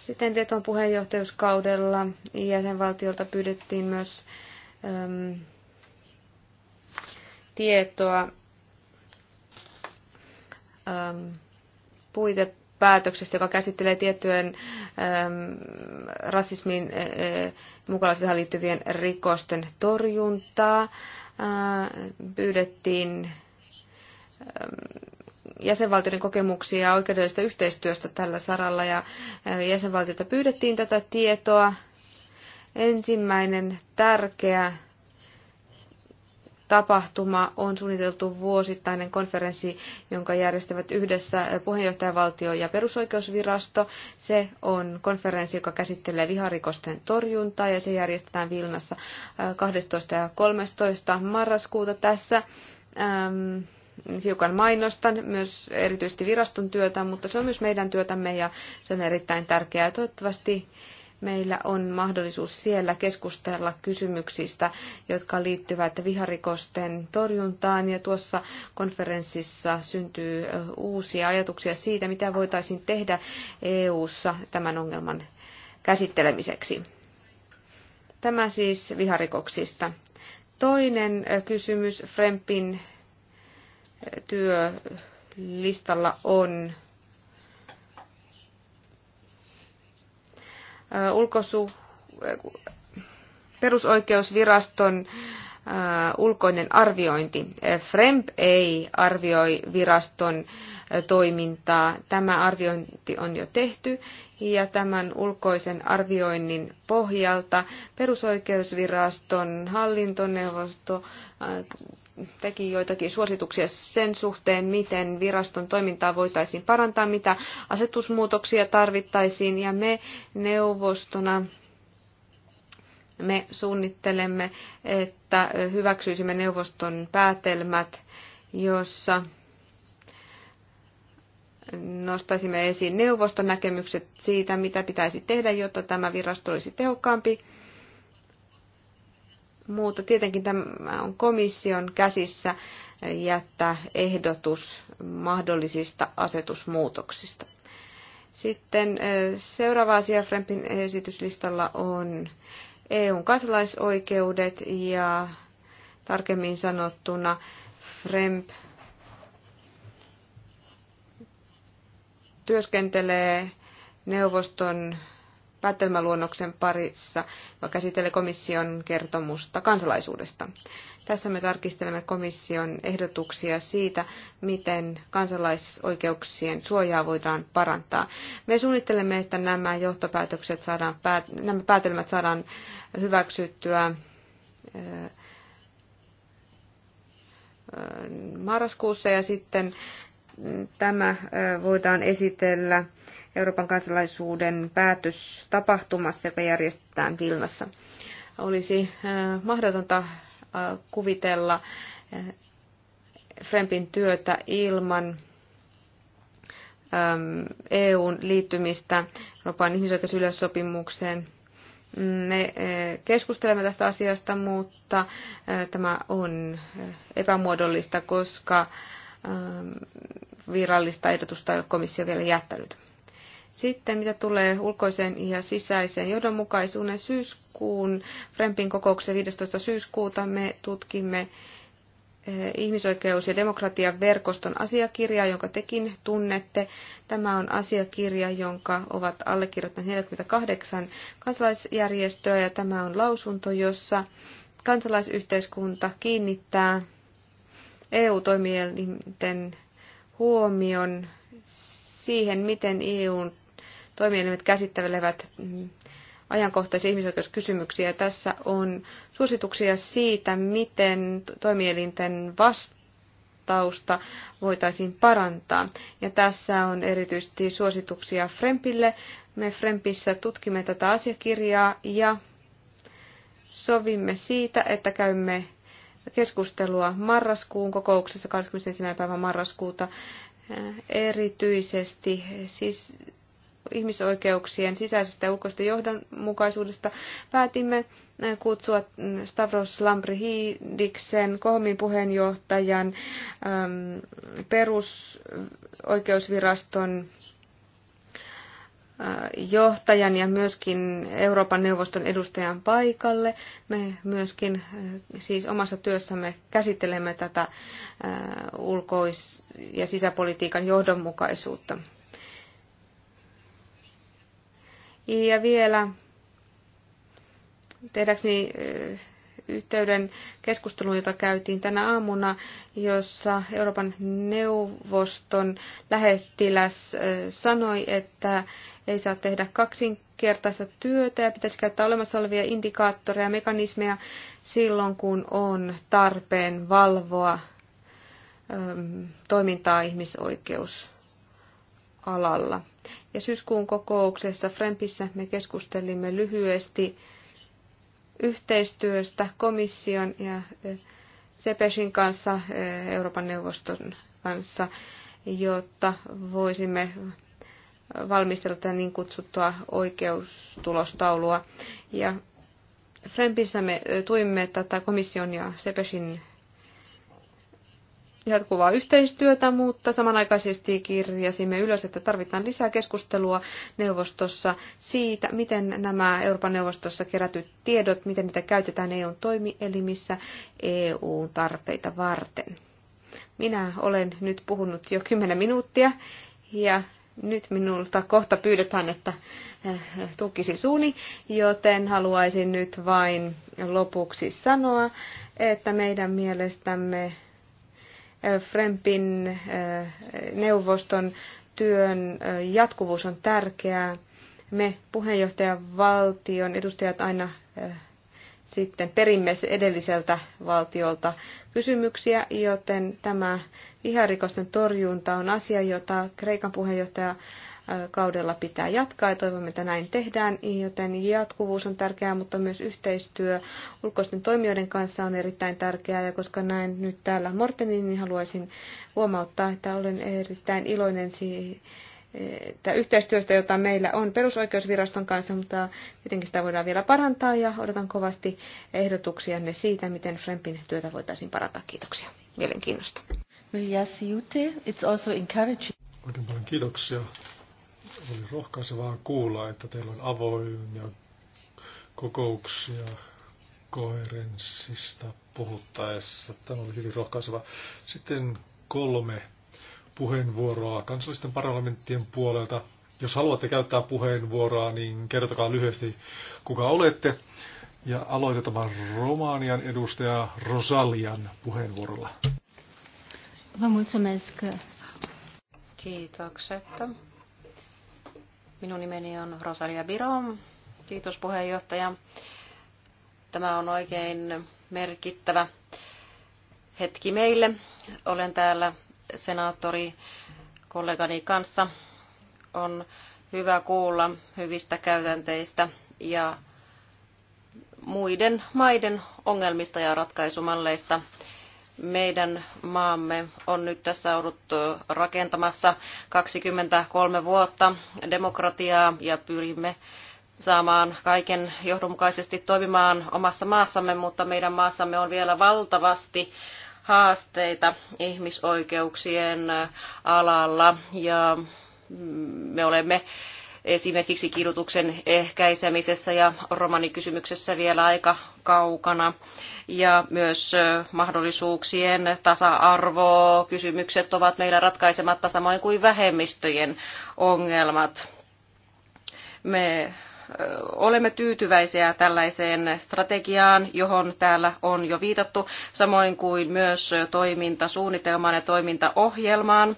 Sitten Deton puheenjohtajuuskaudella jäsenvaltiolta pyydettiin myös äm, tietoa äm, puitepäätöksestä, joka käsittelee tiettyjen äm, rasismin ä, mukalaisvihan liittyvien rikosten torjuntaa. Ä, pyydettiin jäsenvaltioiden kokemuksia oikeudellisesta yhteistyöstä tällä saralla ja jäsenvaltiota pyydettiin tätä tietoa. Ensimmäinen tärkeä tapahtuma on suunniteltu vuosittainen konferenssi, jonka järjestävät yhdessä puheenjohtajavaltio ja perusoikeusvirasto. Se on konferenssi, joka käsittelee viharikosten torjuntaa ja se järjestetään Vilnassa 12. ja 13. marraskuuta tässä. Ähm, hiukan mainostan myös erityisesti viraston työtä, mutta se on myös meidän työtämme ja se on erittäin tärkeää. Toivottavasti meillä on mahdollisuus siellä keskustella kysymyksistä, jotka liittyvät viharikosten torjuntaan. Ja tuossa konferenssissa syntyy uusia ajatuksia siitä, mitä voitaisiin tehdä EU-ssa tämän ongelman käsittelemiseksi. Tämä siis viharikoksista. Toinen kysymys Frempin työlistalla on ulkosu, perusoikeusviraston ulkoinen arviointi. FREMP ei arvioi viraston toimintaa. Tämä arviointi on jo tehty ja tämän ulkoisen arvioinnin pohjalta perusoikeusviraston hallintoneuvosto äh, teki joitakin suosituksia sen suhteen, miten viraston toimintaa voitaisiin parantaa, mitä asetusmuutoksia tarvittaisiin ja me neuvostona me suunnittelemme, että hyväksyisimme neuvoston päätelmät, jossa nostaisimme esiin neuvoston näkemykset siitä, mitä pitäisi tehdä, jotta tämä virasto olisi tehokkaampi. Mutta tietenkin tämä on komission käsissä jättää ehdotus mahdollisista asetusmuutoksista. Sitten seuraava asia Frempin esityslistalla on EUn kansalaisoikeudet ja tarkemmin sanottuna Fremp työskentelee neuvoston päätelmäluonnoksen parissa, joka käsittelee komission kertomusta kansalaisuudesta. Tässä me tarkistelemme komission ehdotuksia siitä, miten kansalaisoikeuksien suojaa voidaan parantaa. Me suunnittelemme, että nämä johtopäätökset saadaan, nämä päätelmät saadaan hyväksyttyä marraskuussa ja sitten tämä voidaan esitellä Euroopan kansalaisuuden päätöstapahtumassa, joka järjestetään Vilnassa. Olisi mahdotonta kuvitella Frempin työtä ilman EUn liittymistä Euroopan ihmisoikeusyleissopimukseen. Me keskustelemme tästä asiasta, mutta tämä on epämuodollista, koska Ähm, virallista ehdotusta ei ole komissio vielä jättänyt. Sitten mitä tulee ulkoiseen ja sisäiseen johdonmukaisuuden syyskuun Frempin kokouksen 15. syyskuuta me tutkimme eh, ihmisoikeus- ja demokratian verkoston asiakirjaa, jonka tekin tunnette. Tämä on asiakirja, jonka ovat allekirjoittaneet 48 kansalaisjärjestöä ja tämä on lausunto, jossa kansalaisyhteiskunta kiinnittää EU-toimielinten huomion siihen, miten eu toimielimet käsittelevät mm, ajankohtaisia ihmisoikeuskysymyksiä. Tässä on suosituksia siitä, miten toimielinten vastausta voitaisiin parantaa. Ja tässä on erityisesti suosituksia Frempille. Me Frempissä tutkimme tätä asiakirjaa ja sovimme siitä, että käymme keskustelua marraskuun kokouksessa 21. päivä marraskuuta erityisesti siis ihmisoikeuksien sisäisestä ja ulkoista johdonmukaisuudesta päätimme kutsua Stavros Lambrihidiksen, Kohmin puheenjohtajan, perusoikeusviraston johtajan ja myöskin Euroopan neuvoston edustajan paikalle. Me myöskin äh, siis omassa työssämme käsittelemme tätä äh, ulkois- ja sisäpolitiikan johdonmukaisuutta. Ja vielä tehdäkseni äh, yhteyden keskusteluun, jota käytiin tänä aamuna, jossa Euroopan neuvoston lähettiläs sanoi, että ei saa tehdä kaksinkertaista työtä ja pitäisi käyttää olemassa olevia indikaattoreja ja mekanismeja silloin, kun on tarpeen valvoa toimintaa ihmisoikeusalalla. Ja syyskuun kokouksessa Frempissä me keskustelimme lyhyesti yhteistyöstä komission ja CEPESin kanssa, Euroopan neuvoston kanssa, jotta voisimme valmistella tätä niin kutsuttua oikeustulostaulua. Ja Frempissä me tuimme tätä komission ja Sepesin jatkuvaa yhteistyötä, mutta samanaikaisesti kirjasimme ylös, että tarvitaan lisää keskustelua neuvostossa siitä, miten nämä Euroopan neuvostossa kerätyt tiedot, miten niitä käytetään EUn toimielimissä EUn tarpeita varten. Minä olen nyt puhunut jo 10 minuuttia ja nyt minulta kohta pyydetään, että eh, tukisi suuni, joten haluaisin nyt vain lopuksi sanoa, että meidän mielestämme eh, Frempin eh, neuvoston työn jatkuvuus on tärkeää. Me puheenjohtajan edustajat aina sitten perimme edelliseltä valtiolta kysymyksiä, joten tämä viharikosten torjunta on asia, jota Kreikan puheenjohtaja äh, kaudella pitää jatkaa ja toivomme, että näin tehdään, joten jatkuvuus on tärkeää, mutta myös yhteistyö ulkoisten toimijoiden kanssa on erittäin tärkeää ja koska näen nyt täällä Mortenin, niin haluaisin huomauttaa, että olen erittäin iloinen siitä, yhteistyöstä, jota meillä on perusoikeusviraston kanssa, mutta tietenkin sitä voidaan vielä parantaa ja odotan kovasti ehdotuksianne siitä, miten Frempin työtä voitaisiin parantaa. Kiitoksia mielenkiinnosta. It's also encouraging. Oikein paljon kiitoksia. Oli rohkaisevaa kuulla, että teillä on avoimia kokouksia koherenssista puhuttaessa. Tämä oli hyvin rohkaiseva. Sitten kolme puheenvuoroa kansallisten parlamenttien puolelta. Jos haluatte käyttää puheenvuoroa, niin kertokaa lyhyesti, kuka olette. Ja aloitetaan Romanian edustaja Rosalian puheenvuorolla. mulțumesc. Kiitokset. Minun nimeni on Rosalia Biro. Kiitos puheenjohtaja. Tämä on oikein merkittävä hetki meille. Olen täällä senaattori kollegani kanssa. On hyvä kuulla hyvistä käytänteistä ja muiden maiden ongelmista ja ratkaisumalleista. Meidän maamme on nyt tässä ollut rakentamassa 23 vuotta demokratiaa ja pyrimme saamaan kaiken johdonmukaisesti toimimaan omassa maassamme, mutta meidän maassamme on vielä valtavasti haasteita ihmisoikeuksien alalla ja me olemme esimerkiksi kidutuksen ehkäisemisessä ja romanikysymyksessä vielä aika kaukana. Ja myös mahdollisuuksien tasa-arvo kysymykset ovat meillä ratkaisematta samoin kuin vähemmistöjen ongelmat. Me olemme tyytyväisiä tällaiseen strategiaan, johon täällä on jo viitattu, samoin kuin myös toimintasuunnitelmaan ja toimintaohjelmaan.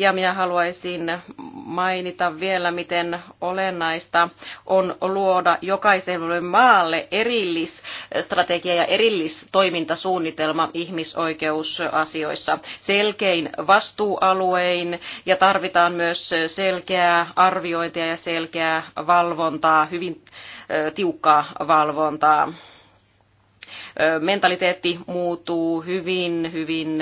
Ja minä haluaisin mainita vielä, miten olennaista on luoda jokaiselle maalle erillisstrategia ja erillistoimintasuunnitelma ihmisoikeusasioissa selkein vastuualuein ja tarvitaan myös selkeää arviointia ja selkeää valvontaa, hyvin tiukkaa valvontaa mentaliteetti muuttuu hyvin, hyvin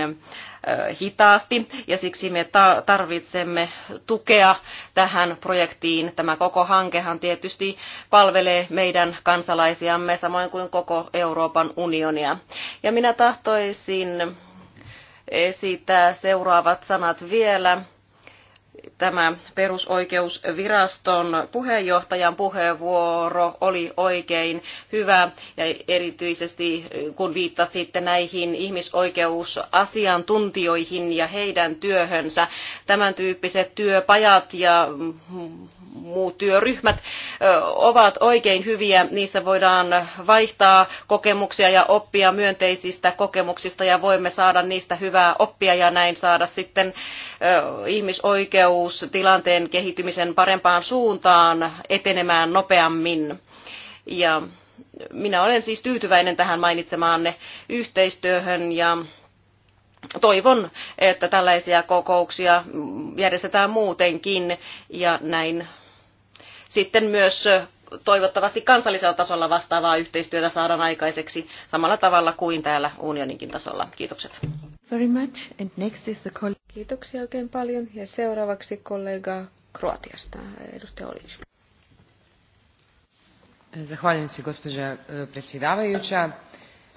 hitaasti ja siksi me tarvitsemme tukea tähän projektiin. Tämä koko hankehan tietysti palvelee meidän kansalaisiamme samoin kuin koko Euroopan unionia. Ja minä tahtoisin esittää seuraavat sanat vielä tämä perusoikeusviraston puheenjohtajan puheenvuoro oli oikein hyvä ja erityisesti eh, kun viittasitte näihin ihmisoikeusasiantuntijoihin ja heidän työhönsä. Tämän tyyppiset työpajat ja mm, muut työryhmät eh, ovat oikein hyviä. Niissä voidaan vaihtaa kokemuksia ja oppia myönteisistä kokemuksista ja voimme saada niistä hyvää oppia ja näin saada sitten eh, ihmisoikeus nopeus tilanteen kehittymisen parempaan suuntaan etenemään nopeammin. Ja minä olen siis tyytyväinen tähän mainitsemaanne yhteistyöhön ja toivon, että tällaisia kokouksia järjestetään muutenkin ja näin sitten myös toivottavasti kansallisella tasolla vastaavaa yhteistyötä saadaan aikaiseksi samalla tavalla kuin täällä unioninkin tasolla. Kiitokset very much. And next is the Kiitoksia oikein paljon. Ja seuraavaksi kollega Kroatiasta, edustaja Olic. Zahvaljujem se, gospođa e, predsjedavajuća.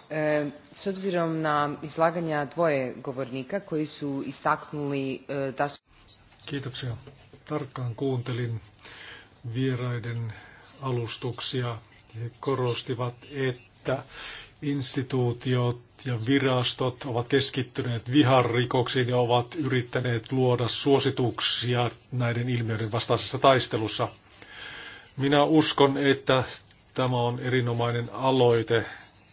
E, s obzirom na izlaganja dvoje govornika koji su istaknuli e, da su... Kiitoksia. Tarkkaan kuuntelin vieraiden alustuksia. He korostivat, että instituutiot ja virastot ovat keskittyneet viharikoksiin ja ovat yrittäneet luoda suosituksia näiden ilmiöiden vastaisessa taistelussa. Minä uskon, että tämä on erinomainen aloite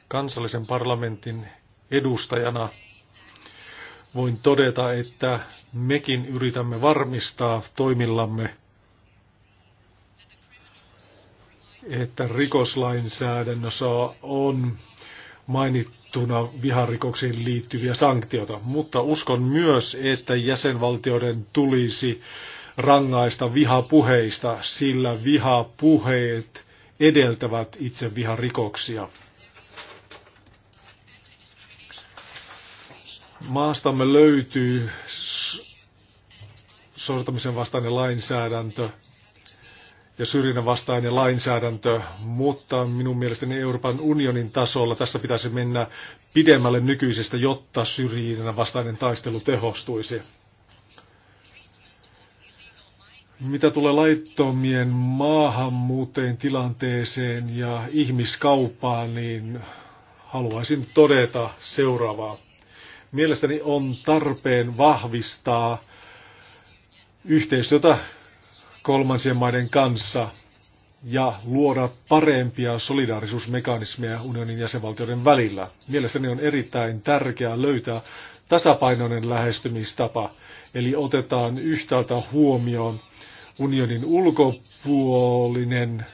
kansallisen parlamentin edustajana. Voin todeta, että mekin yritämme varmistaa toimillamme, että rikoslainsäädännössä on mainittuna viharikoksiin liittyviä sanktioita, mutta uskon myös, että jäsenvaltioiden tulisi rangaista vihapuheista, sillä vihapuheet edeltävät itse viharikoksia. Maastamme löytyy sortamisen vastainen lainsäädäntö ja syrjinnän vastainen lainsäädäntö, mutta minun mielestäni Euroopan unionin tasolla tässä pitäisi mennä pidemmälle nykyisestä, jotta syrjinnän vastainen taistelu tehostuisi. Mitä tulee laittomien maahanmuuttajien tilanteeseen ja ihmiskauppaan, niin haluaisin todeta seuraavaa. Mielestäni on tarpeen vahvistaa yhteistyötä kolmansien maiden kanssa ja luoda parempia solidaarisuusmekanismeja unionin jäsenvaltioiden välillä. Mielestäni on erittäin tärkeää löytää tasapainoinen lähestymistapa, eli otetaan yhtäältä huomioon unionin ulkopuolinen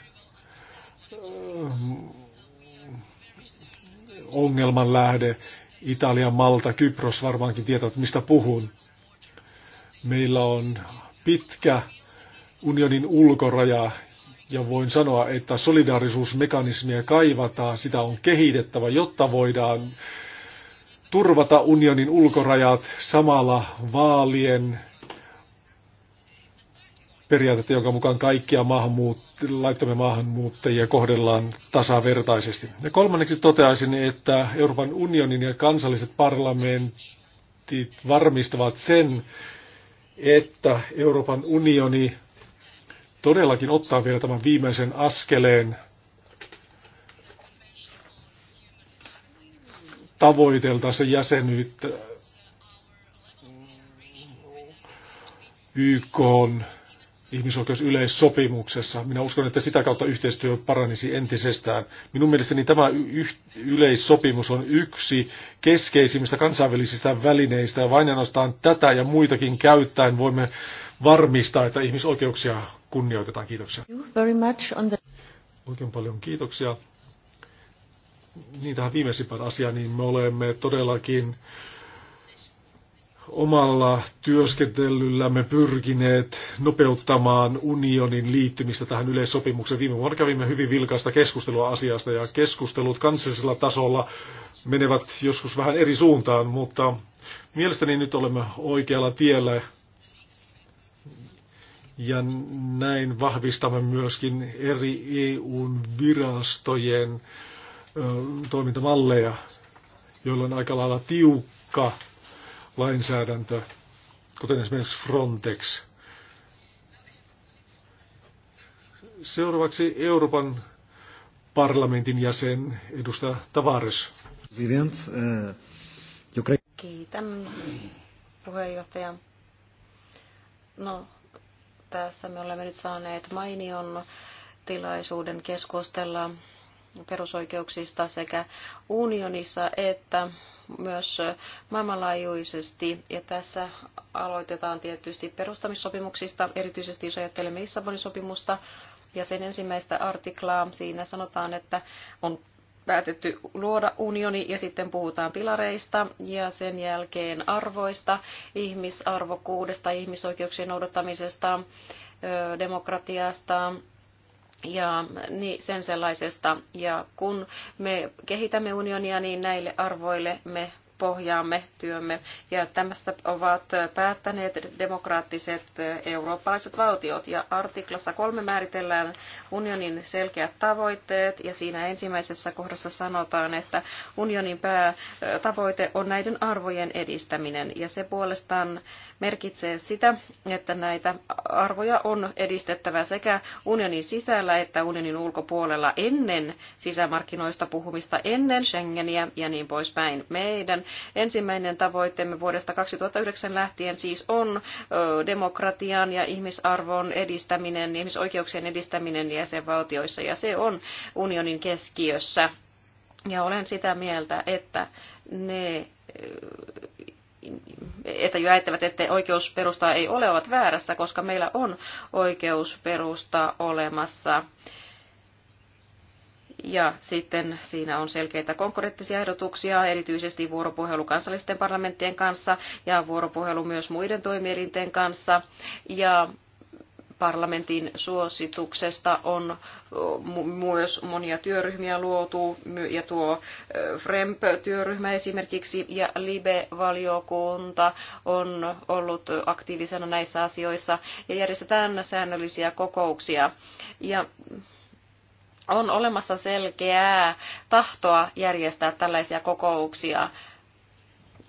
ongelman lähde, Italia, Malta, Kypros varmaankin tietävät, mistä puhun. Meillä on pitkä unionin ulkoraja ja voin sanoa, että solidaarisuusmekanismia kaivataan, sitä on kehitettävä, jotta voidaan turvata unionin ulkorajat samalla vaalien periaatetta, jonka mukaan kaikkia maahanmuut- laittomia maahanmuuttajia kohdellaan tasavertaisesti. Ja kolmanneksi toteaisin, että Euroopan unionin ja kansalliset parlamentit varmistavat sen, että Euroopan unioni todellakin ottaa vielä tämän viimeisen askeleen se jäsenyyttä YK on ihmisoikeusyleissopimuksessa. Minä uskon, että sitä kautta yhteistyö paranisi entisestään. Minun mielestäni tämä yleissopimus on yksi keskeisimmistä kansainvälisistä välineistä ja vain ainoastaan tätä ja muitakin käyttäen voimme varmistaa, että ihmisoikeuksia kunnioitetaan. Kiitoksia. the... Oikein paljon kiitoksia. Niin tähän viimeisimpään asiaan, niin me olemme todellakin omalla työskentelyllämme pyrkineet nopeuttamaan unionin liittymistä tähän yleissopimukseen. Viime vuonna kävimme hyvin vilkaista keskustelua asiasta ja keskustelut kansallisella tasolla menevät joskus vähän eri suuntaan, mutta mielestäni nyt olemme oikealla tiellä ja näin vahvistamme myöskin eri EUn virastojen toimintamalleja, joilla on aika lailla tiukka lainsäädäntö, kuten esimerkiksi Frontex. Seuraavaksi Euroopan parlamentin jäsen edustaja Tavares. Eh, Kiitän puheenjohtaja. No, tässä me olemme nyt saaneet mainion tilaisuuden keskustella perusoikeuksista sekä unionissa että myös maailmanlaajuisesti. Ja tässä aloitetaan tietysti perustamissopimuksista, erityisesti jos ajattelemme Lissabonin sopimusta ja sen ensimmäistä artiklaa. Siinä sanotaan, että on päätetty luoda unioni ja sitten puhutaan pilareista ja sen jälkeen arvoista, ihmisarvokkuudesta, ihmisoikeuksien noudattamisesta, demokratiasta, ja niin sen sellaisesta. Ja kun me kehitämme unionia, niin näille arvoille me pohjaamme työmme. Ja tämästä ovat päättäneet demokraattiset eurooppalaiset valtiot. Ja artiklassa kolme määritellään unionin selkeät tavoitteet ja siinä ensimmäisessä kohdassa sanotaan, että unionin päätavoite on näiden arvojen edistäminen. Ja se puolestaan merkitsee sitä, että näitä arvoja on edistettävä sekä unionin sisällä että unionin ulkopuolella ennen sisämarkkinoista puhumista, ennen Schengeniä ja niin poispäin. Meidän ensimmäinen tavoitteemme vuodesta 2009 lähtien siis on demokratian ja ihmisarvon edistäminen, ihmisoikeuksien edistäminen jäsenvaltioissa ja se on unionin keskiössä. Ja olen sitä mieltä, että ne että jo ajattelevat, että oikeusperusta ei ole, ovat väärässä, koska meillä on oikeusperusta olemassa. Ja sitten siinä on selkeitä konkreettisia ehdotuksia, erityisesti vuoropuhelu kansallisten parlamenttien kanssa ja vuoropuhelu myös muiden toimielinten kanssa. Ja parlamentin suosituksesta on myös monia työryhmiä luotu, ja tuo FREMP-työryhmä esimerkiksi ja LIBE-valiokunta on ollut aktiivisena näissä asioissa ja järjestetään säännöllisiä kokouksia. Ja on olemassa selkeää tahtoa järjestää tällaisia kokouksia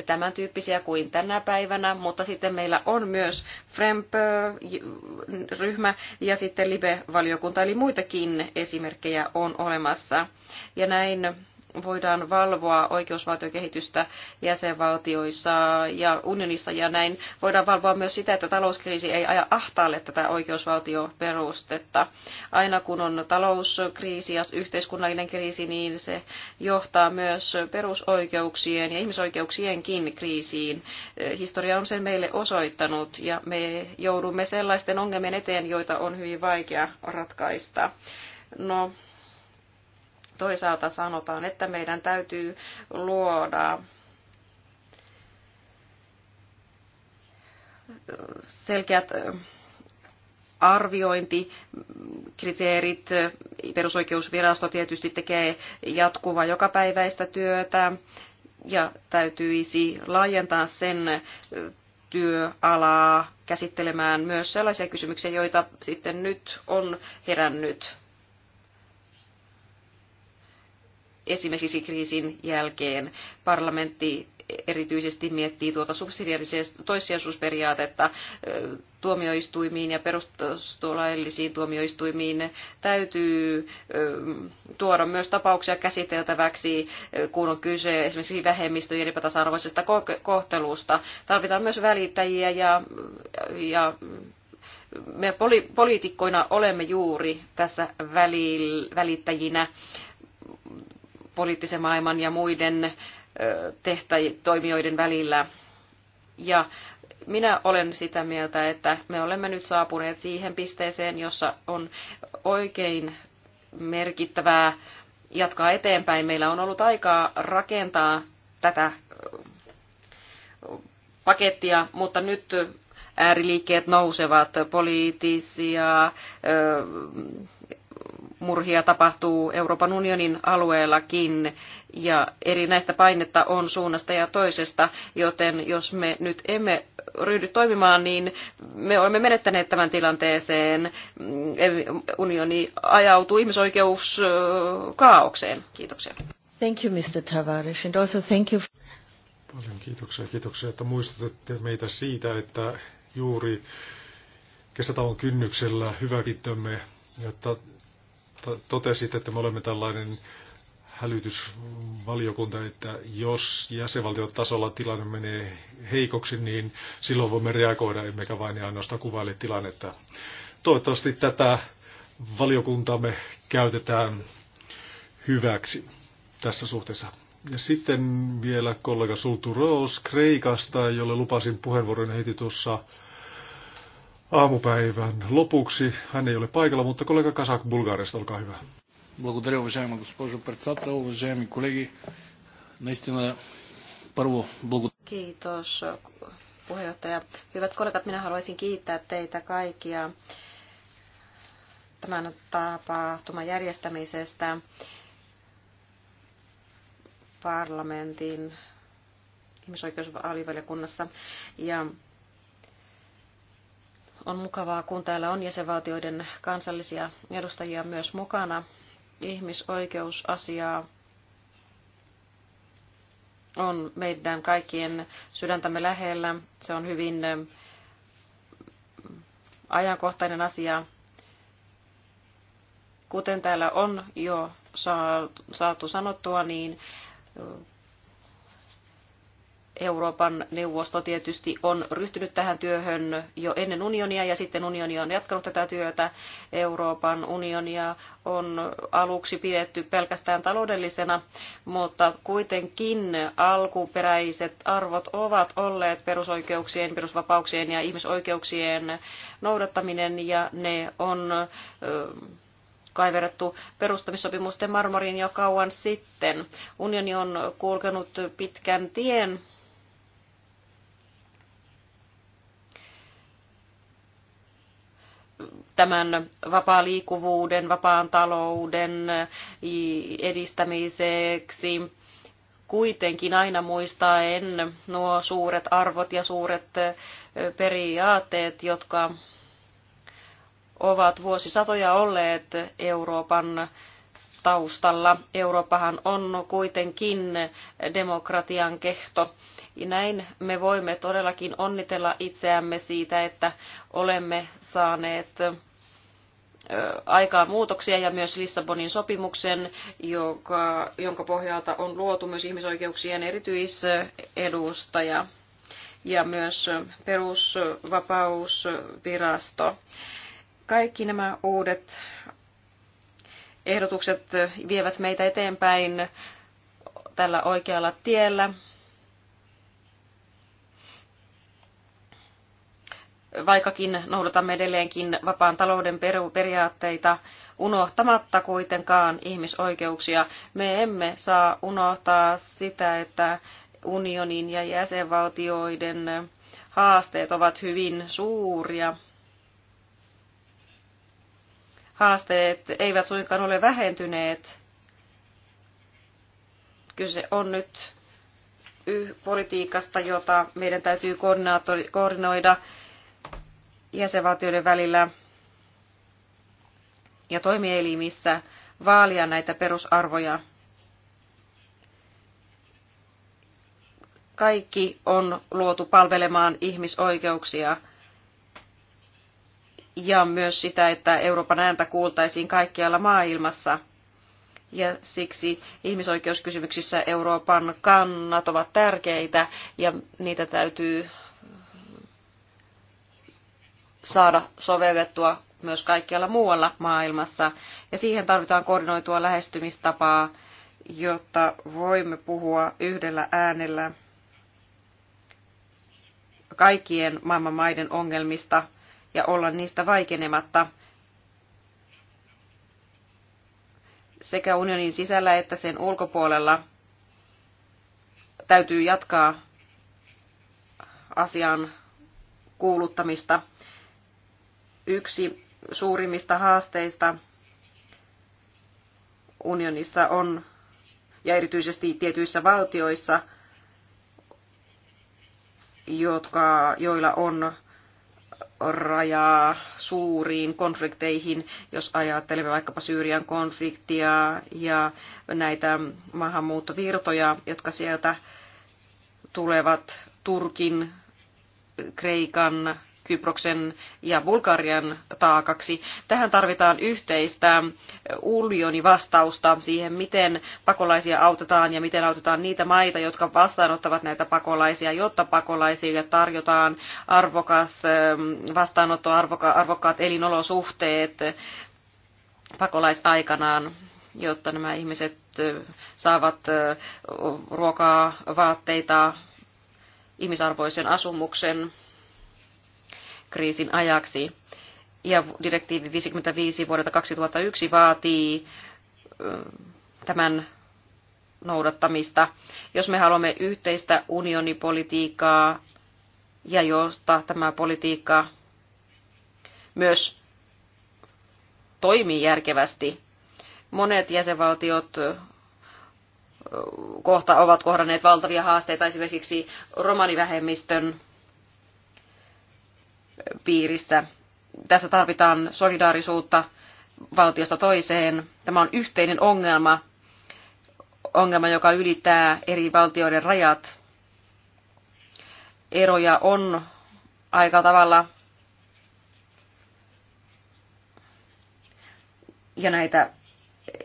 tämän tyyppisiä kuin tänä päivänä, mutta sitten meillä on myös FREMP-ryhmä äh, ja sitten LIBE-valiokunta, eli muitakin esimerkkejä on olemassa. Ja näin voidaan valvoa oikeusvaltiokehitystä jäsenvaltioissa ja unionissa ja näin voidaan valvoa myös sitä, että talouskriisi ei aja ahtaalle tätä oikeusvaltioperustetta. Aina kun on talouskriisi ja yhteiskunnallinen kriisi, niin se johtaa myös perusoikeuksien ja ihmisoikeuksienkin kriisiin. Historia on sen meille osoittanut ja me joudumme sellaisten ongelmien eteen, joita on hyvin vaikea ratkaista. No, toisaalta sanotaan, että meidän täytyy luoda selkeät arviointikriteerit. Perusoikeusvirasto tietysti tekee jatkuvaa jokapäiväistä työtä ja täytyisi laajentaa sen työalaa käsittelemään myös sellaisia kysymyksiä, joita sitten nyt on herännyt esimerkiksi kriisin jälkeen parlamentti erityisesti miettii tuota toissijaisuusperiaatetta tuomioistuimiin ja perustuslaillisiin tuomioistuimiin täytyy tuoda myös tapauksia käsiteltäväksi, kun on kyse esimerkiksi vähemmistöjen epätasa-arvoisesta kohtelusta. Tarvitaan myös välittäjiä ja, ja me poli, poliitikkoina olemme juuri tässä välittäjinä poliittisen maailman ja muiden tehtäjien toimijoiden välillä. Ja minä olen sitä mieltä, että me olemme nyt saapuneet siihen pisteeseen, jossa on oikein merkittävää jatkaa eteenpäin. Meillä on ollut aikaa rakentaa tätä pakettia, mutta nyt ääriliikkeet nousevat, poliittisia murhia tapahtuu Euroopan unionin alueellakin ja eri näistä painetta on suunnasta ja toisesta, joten jos me nyt emme ryhdy toimimaan, niin me olemme menettäneet tämän tilanteeseen. Mm, unioni ajautuu ihmisoikeuskaaukseen. Kiitoksia. Thank you, Mr. Tavares, and also thank you. Paljon kiitoksia, kiitoksia, että muistutitte meitä siitä, että juuri kesätauon kynnyksellä hyväkittömme ja totesit, että me olemme tällainen hälytysvaliokunta, että jos jäsenvaltiotasolla tilanne menee heikoksi, niin silloin voimme reagoida, emmekä vain ja ainoastaan kuvaile tilannetta. Toivottavasti tätä valiokuntamme käytetään hyväksi tässä suhteessa. Ja sitten vielä kollega Sultu Roos Kreikasta, jolle lupasin puheenvuoron heti tuossa aamupäivän lopuksi. Hän ei ole paikalla, mutta kollega Kasak Bulgaariasta, olkaa hyvä. Благодаря, уважаема госпожо председател, уважаеми колеги. Наистина, първо, благодаря. Kiitos, puheenjohtaja. Hyvät kollegat, minä haluaisin kiittää teitä kaikkia tämän tapahtuman järjestämisestä parlamentin ihmisoikeusalivaliokunnassa. Ja on mukavaa, kun täällä on jäsenvaltioiden kansallisia edustajia myös mukana. Ihmisoikeusasiaa on meidän kaikkien sydäntämme lähellä. Se on hyvin ajankohtainen asia. Kuten täällä on jo saatu sanottua, niin Euroopan neuvosto tietysti on ryhtynyt tähän työhön jo ennen unionia ja sitten unioni on jatkanut tätä työtä. Euroopan unionia on aluksi pidetty pelkästään taloudellisena, mutta kuitenkin alkuperäiset arvot ovat olleet perusoikeuksien, perusvapauksien ja ihmisoikeuksien noudattaminen ja ne on kaiverrettu perustamissopimusten marmoriin jo kauan sitten. Unioni on kulkenut pitkän tien tämän vapaa liikkuvuuden, vapaan talouden edistämiseksi kuitenkin aina muistaen nuo suuret arvot ja suuret periaatteet, jotka ovat vuosisatoja olleet Euroopan taustalla. Eurooppahan on kuitenkin demokratian kehto näin me voimme todellakin onnitella itseämme siitä, että olemme saaneet aikaan muutoksia ja myös Lissabonin sopimuksen, joka, jonka pohjalta on luotu myös ihmisoikeuksien erityisedustaja ja myös perusvapausvirasto. Kaikki nämä uudet ehdotukset vievät meitä eteenpäin tällä oikealla tiellä vaikkakin noudatamme edelleenkin vapaan talouden periaatteita, unohtamatta kuitenkaan ihmisoikeuksia. Me emme saa unohtaa sitä, että unionin ja jäsenvaltioiden haasteet ovat hyvin suuria. Haasteet eivät suinkaan ole vähentyneet. Kyse on nyt politiikasta, jota meidän täytyy koordinoida jäsenvaltioiden välillä ja toimielimissä vaalia näitä perusarvoja. Kaikki on luotu palvelemaan ihmisoikeuksia ja myös sitä, että Euroopan ääntä kuultaisiin kaikkialla maailmassa. Ja siksi ihmisoikeuskysymyksissä Euroopan kannat ovat tärkeitä ja niitä täytyy saada sovellettua myös kaikkialla muualla maailmassa. Ja siihen tarvitaan koordinoitua lähestymistapaa, jotta voimme puhua yhdellä äänellä kaikkien maailman maiden ongelmista ja olla niistä vaikenematta sekä unionin sisällä että sen ulkopuolella täytyy jatkaa asian kuuluttamista Yksi suurimmista haasteista unionissa on, ja erityisesti tietyissä valtioissa, jotka, joilla on rajaa suuriin konflikteihin, jos ajattelemme vaikkapa Syyrian konfliktia ja näitä maahanmuuttovirtoja, jotka sieltä tulevat Turkin, Kreikan, Kyproksen ja Bulgarian taakaksi. Tähän tarvitaan yhteistä unionivastausta siihen, miten pakolaisia autetaan ja miten autetaan niitä maita, jotka vastaanottavat näitä pakolaisia, jotta pakolaisille tarjotaan arvokas ähm, vastaanotto, arvokkaat elinolosuhteet pakolaisaikanaan jotta nämä ihmiset äh, saavat äh, ruokaa, vaatteita, ihmisarvoisen asumuksen kriisin ajaksi. Ja direktiivi 55 vuodelta 2001 vaatii tämän noudattamista. Jos me haluamme yhteistä unionipolitiikkaa ja josta tämä politiikka myös toimii järkevästi, monet jäsenvaltiot kohta ovat kohdanneet valtavia haasteita esimerkiksi romanivähemmistön piirissä. Tässä tarvitaan solidaarisuutta valtiosta toiseen. Tämä on yhteinen ongelma, ongelma, joka ylittää eri valtioiden rajat. Eroja on aika tavalla ja näitä,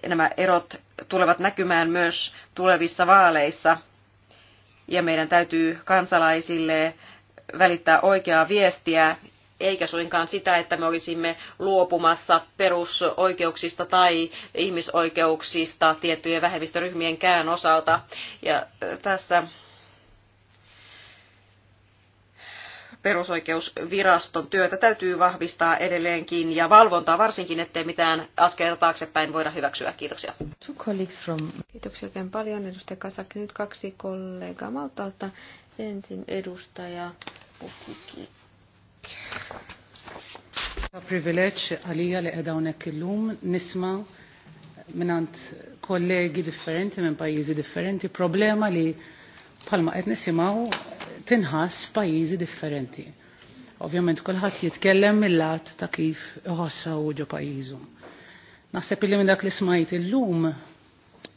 nämä erot tulevat näkymään myös tulevissa vaaleissa. Ja meidän täytyy kansalaisille välittää oikeaa viestiä, eikä suinkaan sitä, että me olisimme luopumassa perusoikeuksista tai ihmisoikeuksista tiettyjen vähemmistöryhmienkään osalta. Ja tässä perusoikeusviraston työtä täytyy vahvistaa edelleenkin ja valvontaa varsinkin, ettei mitään askelta taaksepäin voida hyväksyä. Kiitoksia. from... Kiitoksia oikein paljon edustaja Kasakki. Nyt kaksi kollegaa Maltalta. Ensin edustaja politiki. Privileġġ għalija li qiegħda hawnhekk illum nisma' minant kollegi differenti minn pajjiżi differenti problema li bħalma qed nisimgħu tinħass pajjiżi differenti. Ovvjament kulħadd jitkellem mill-lat ta' kif iħossaw ġo pajjiżu. Naħseb illi minn dak li smajt illum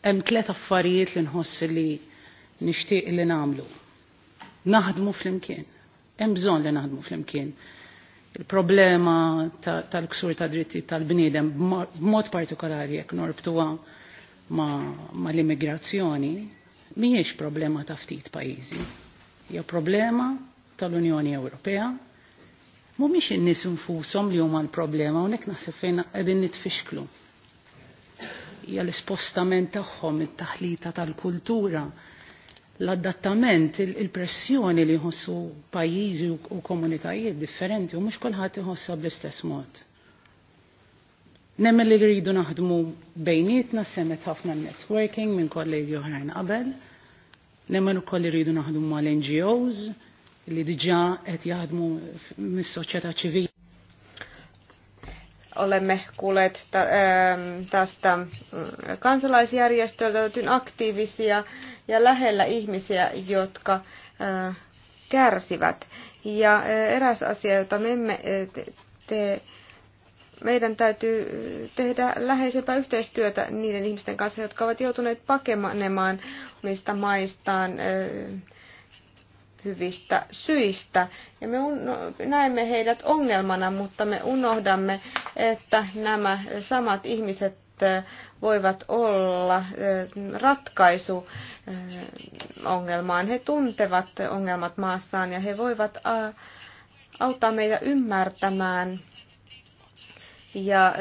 hemm tlet affarijiet li nħoss li nixtieq li nagħmlu. Naħdmu flimkien hemm bżonn li naħdmu flimkien. Il-problema tal-ksur ta' dritti tal-bniedem b'mod partikolari jekk norbtuha ma' l-immigrazzjoni mhijiex problema ta' ftit pajjiżi. Hija problema tal-Unjoni Ewropea mhumiex in-nies infushom li huma l-problema hawnhekk naħseb fejn qegħdin nitfixklu. Hija l-ispostament tagħhom it-taħlita tal-kultura l-adattament, il-pressjoni li jħossu pajjiżi u komunitajiet differenti u mhux kulħadd iħossha bl-istess mod. Nemmen li rridu naħdmu bejnietna semmet ħafna networking minn kollegi oħrajn qabel, nemmen ukoll li rridu naħdmu mal-NGOs li diġà qed jaħdmu mis-soċjetà ċivili. Olemme kuulleet ähm, tästä mm, kansalaisjärjestöltä, hyvin aktiivisia ja lähellä ihmisiä, jotka äh, kärsivät. Ja äh, eräs asia, jota me emme äh, te, meidän täytyy tehdä läheisempää yhteistyötä niiden ihmisten kanssa, jotka ovat joutuneet pakenemaan omista maistaan hyvistä syistä. Ja me no, näemme heidät ongelmana, mutta me unohdamme, että nämä samat ihmiset voivat olla ratkaisu ongelmaan. He tuntevat ongelmat maassaan ja he voivat auttaa meitä ymmärtämään ja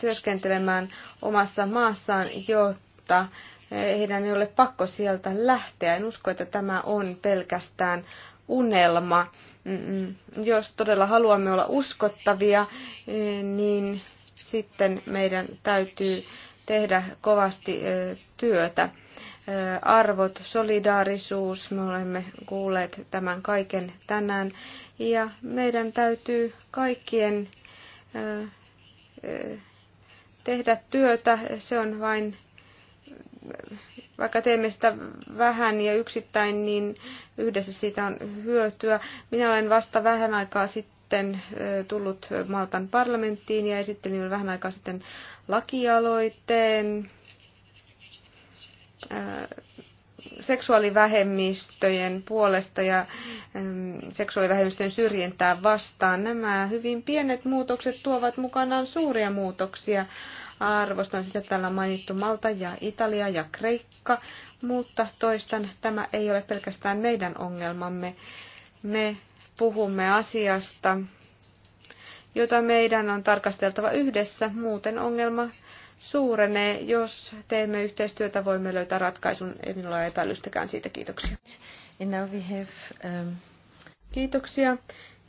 työskentelemään omassa maassaan, jotta heidän ei ole pakko sieltä lähteä. En usko, että tämä on pelkästään unelma. Mm, mm. Jos todella haluamme olla uskottavia, eh, niin sitten meidän täytyy tehdä kovasti eh, työtä. Eh, arvot, solidaarisuus, me olemme kuulleet tämän kaiken tänään. Ja meidän täytyy kaikkien tehdä työtä. Se on vain vaikka teemme sitä vähän ja yksittäin, niin yhdessä siitä on hyötyä. Minä olen vasta vähän aikaa sitten tullut Maltan parlamenttiin ja esittelin vähän aikaa sitten lakialoitteen seksuaalivähemmistöjen puolesta ja seksuaalivähemmistöjen syrjintää vastaan. Nämä hyvin pienet muutokset tuovat mukanaan suuria muutoksia Arvostan sitä, että täällä on mainittu Malta ja Italia ja Kreikka, mutta toistan, tämä ei ole pelkästään meidän ongelmamme. Me puhumme asiasta, jota meidän on tarkasteltava yhdessä, muuten ongelma suurenee. Jos teemme yhteistyötä, voimme löytää ratkaisun. Ei minulla ole epäilystäkään siitä. Kiitoksia. Have, um... Kiitoksia.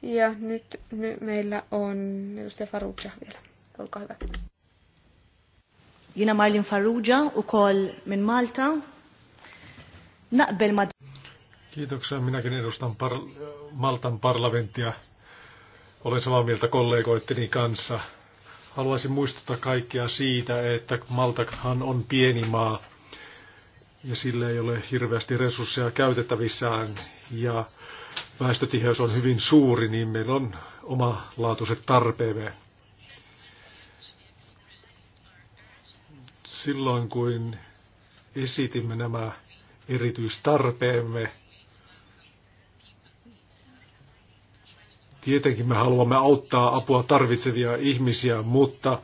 Ja nyt, nyt meillä on edustaja Farukja vielä. Olkaa hyvä. Jina Marlin Farrugia u kol min Malta. Naqbel ma... Kiitoksia. Minäkin edustan par Maltan parlamenttia. Olen samaa mieltä kollegoitteni kanssa. Haluaisin muistuttaa kaikkia siitä, että Maltahan on pieni maa ja sillä ei ole hirveästi resursseja käytettävissään ja väestötiheys on hyvin suuri, niin meillä on omalaatuiset tarpeemme. Silloin kun esitimme nämä erityistarpeemme, tietenkin me haluamme auttaa apua tarvitsevia ihmisiä, mutta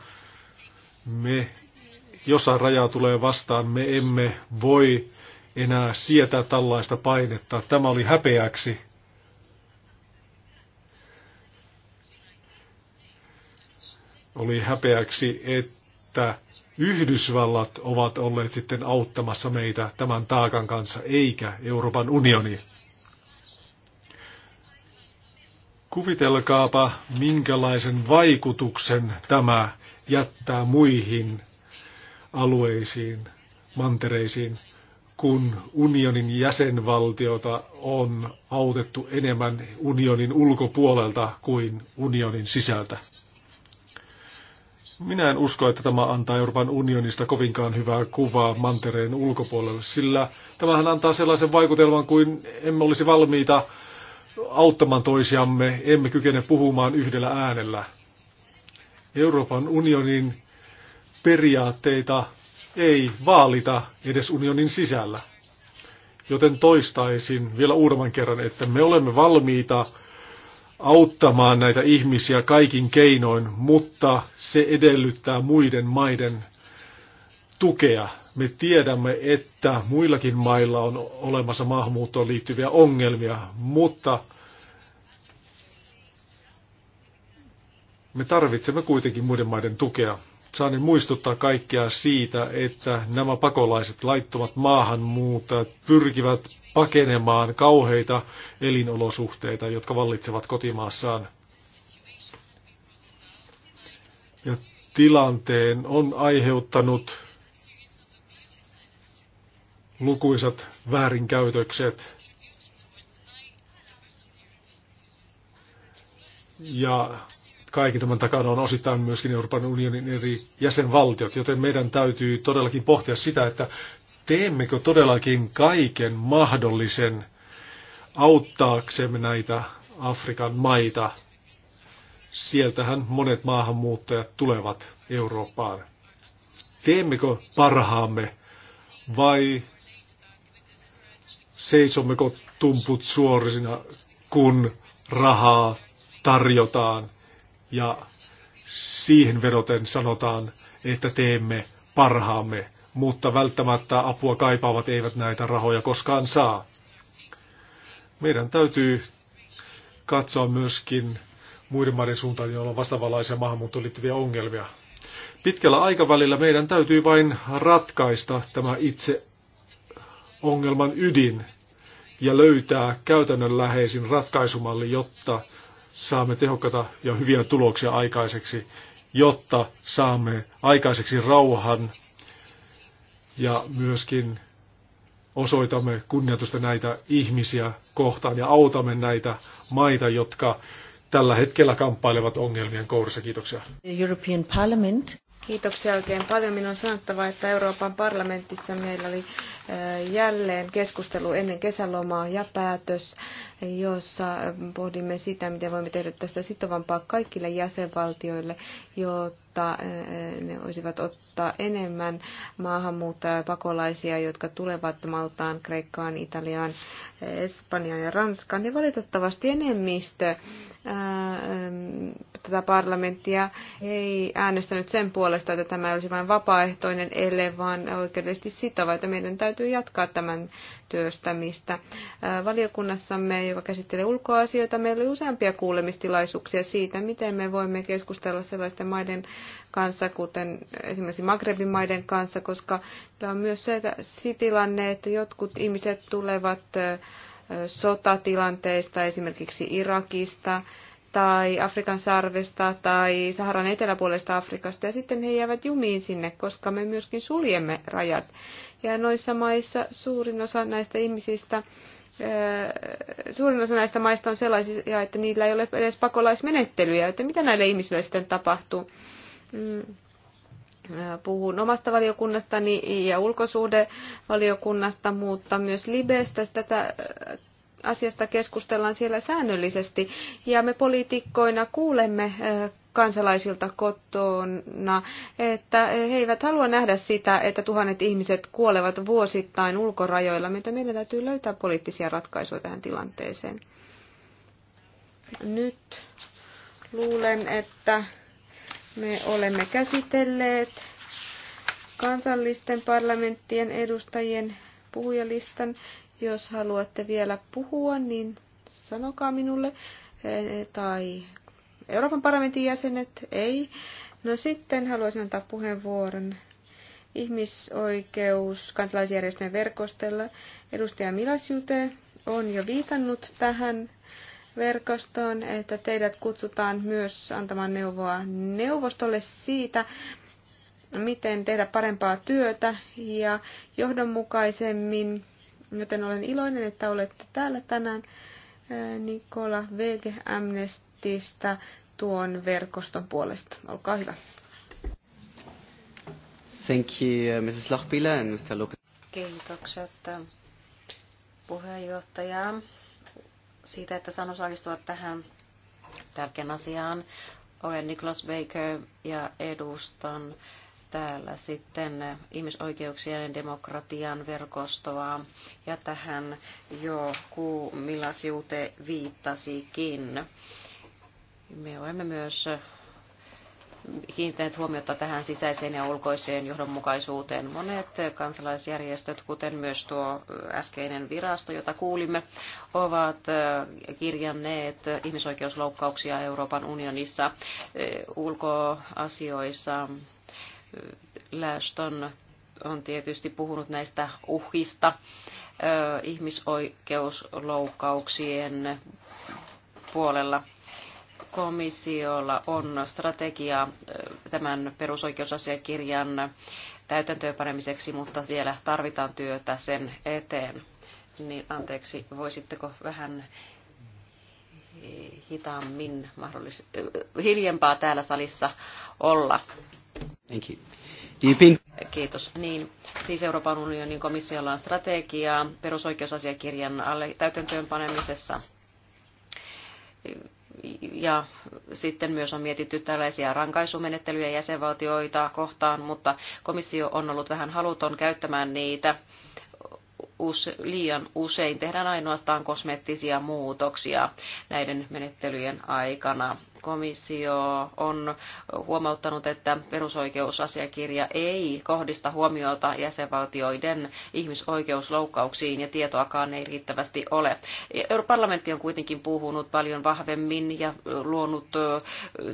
me, jos raja tulee vastaan, me emme voi enää sietää tällaista painetta. Tämä oli häpeäksi. Oli häpeäksi, että että Yhdysvallat ovat olleet sitten auttamassa meitä tämän taakan kanssa, eikä Euroopan unioni. Kuvitelkaapa, minkälaisen vaikutuksen tämä jättää muihin alueisiin, mantereisiin, kun unionin jäsenvaltiota on autettu enemmän unionin ulkopuolelta kuin unionin sisältä. Minä en usko, että tämä antaa Euroopan unionista kovinkaan hyvää kuvaa mantereen ulkopuolelle, sillä tämähän antaa sellaisen vaikutelman kuin emme olisi valmiita auttamaan toisiamme, emme kykene puhumaan yhdellä äänellä. Euroopan unionin periaatteita ei vaalita edes unionin sisällä. Joten toistaisin vielä uudemman kerran, että me olemme valmiita auttamaan näitä ihmisiä kaikin keinoin, mutta se edellyttää muiden maiden tukea. Me tiedämme, että muillakin mailla on olemassa maahanmuuttoon liittyviä ongelmia, mutta me tarvitsemme kuitenkin muiden maiden tukea saanen niin muistuttaa kaikkia siitä, että nämä pakolaiset laittomat maahanmuuttajat pyrkivät pakenemaan kauheita elinolosuhteita, jotka vallitsevat kotimaassaan. Ja tilanteen on aiheuttanut lukuisat väärinkäytökset. Ja kaikki tämän takana on osittain myöskin Euroopan unionin eri jäsenvaltiot, joten meidän täytyy todellakin pohtia sitä, että teemmekö todellakin kaiken mahdollisen auttaaksemme näitä Afrikan maita. Sieltähän monet maahanmuuttajat tulevat Eurooppaan. Teemmekö parhaamme vai seisommeko tumput suorisina, kun rahaa tarjotaan ja siihen vedoten sanotaan, että teemme parhaamme, mutta välttämättä apua kaipaavat eivät näitä rahoja koskaan saa. Meidän täytyy katsoa myöskin muiden maiden suuntaan, joilla on vastaavanlaisia maahanmuuttoon liittyviä ongelmia. Pitkällä aikavälillä meidän täytyy vain ratkaista tämä itse ongelman ydin ja löytää käytännönläheisin ratkaisumalli, jotta saamme tehokkaita ja hyviä tuloksia aikaiseksi, jotta saamme aikaiseksi rauhan ja myöskin osoitamme kunnioitusta näitä ihmisiä kohtaan ja autamme näitä maita, jotka tällä hetkellä kamppailevat ongelmien kourissa. Kiitoksia. European Parliament. Kiitoksia oikein paljon. Minun on sanottava, että Euroopan parlamentissa meillä oli jälleen keskustelu ennen kesälomaa ja päätös, jossa pohdimme sitä, miten voimme tehdä tästä sitovampaa kaikille jäsenvaltioille, jotta ne olisivat ottaa enemmän maahanmuuttajia ja pakolaisia, jotka tulevat Maltaan, Kreikkaan, Italiaan, Espanjaan ja Ranskaan. Ja valitettavasti enemmistö tätä parlamenttia ei äänestänyt sen puolesta, että tämä olisi vain vapaaehtoinen ele, vaan oikeudellisesti sitova, että meidän täytyy jatkaa tämän työstämistä. Valiokunnassamme, joka käsittelee ulkoasioita, meillä oli useampia kuulemistilaisuuksia siitä, miten me voimme keskustella sellaisten maiden kanssa, kuten esimerkiksi Magrebin maiden kanssa, koska on myös se, että se tilanne, että jotkut ihmiset tulevat sotatilanteista, esimerkiksi Irakista, tai Afrikan sarvesta tai Saharan eteläpuolesta Afrikasta ja sitten he jäävät jumiin sinne, koska me myöskin suljemme rajat. Ja noissa maissa suurin osa näistä ihmisistä äh, suurin osa näistä maista on sellaisia, että niillä ei ole edes pakolaismenettelyjä, että mitä näille ihmisille sitten tapahtuu. Mm. Puhun omasta valiokunnastani ja ulkosuhdevaliokunnasta, mutta myös Libestä. Tätä asiasta keskustellaan siellä säännöllisesti ja me poliitikkoina kuulemme kansalaisilta kotona, että he eivät halua nähdä sitä, että tuhannet ihmiset kuolevat vuosittain ulkorajoilla, mitä meidän täytyy löytää poliittisia ratkaisuja tähän tilanteeseen. Nyt luulen, että me olemme käsitelleet kansallisten parlamenttien edustajien puhujalistan jos haluatte vielä puhua, niin sanokaa minulle. Eh, tai Euroopan parlamentin jäsenet, ei. No sitten haluaisin antaa puheenvuoron ihmisoikeus kansalaisjärjestöjen verkostolla. Edustaja Milasjute on jo viitannut tähän verkostoon, että teidät kutsutaan myös antamaan neuvoa neuvostolle siitä, miten tehdä parempaa työtä ja johdonmukaisemmin Joten olen iloinen, että olette täällä tänään. Nikola VG Amnestistä tuon verkoston puolesta. Olkaa hyvä. Thank you, uh, Mrs. Lochbiller and Mr. Lopez. Kiitokset uh, puheenjohtaja siitä, että saan osallistua tähän tärkeän asiaan. Olen Niklas Baker ja edustan täällä sitten ihmisoikeuksien demokratian verkostoa. Ja tähän jo Kuumilla Siute viittasikin. Me olemme myös kiinnittäneet huomiota tähän sisäiseen ja ulkoiseen johdonmukaisuuteen. Monet kansalaisjärjestöt, kuten myös tuo äskeinen virasto, jota kuulimme, ovat kirjanneet ihmisoikeusloukkauksia Euroopan unionissa ulkoasioissa Läston on tietysti puhunut näistä uhista, ihmisoikeusloukkauksien puolella komissiolla on strategia tämän perusoikeusasiakirjan täytäntöönpanemiseksi, mutta vielä tarvitaan työtä sen eteen. Niin anteeksi, voisitteko vähän hitaammin mahdollis- hiljempaa täällä salissa olla? Thank you. Kiitos. Niin, siis Euroopan unionin komissiolla on strategia perusoikeusasiakirjan alle täytäntöönpanemisessa. Ja sitten myös on mietitty tällaisia rankaisumenettelyjä jäsenvaltioita kohtaan, mutta komissio on ollut vähän haluton käyttämään niitä. Use, liian usein tehdään ainoastaan kosmeettisia muutoksia näiden menettelyjen aikana komissio on huomauttanut, että perusoikeusasiakirja ei kohdista huomiota jäsenvaltioiden ihmisoikeusloukkauksiin ja tietoakaan ei riittävästi ole. Euroopan parlamentti on kuitenkin puhunut paljon vahvemmin ja luonut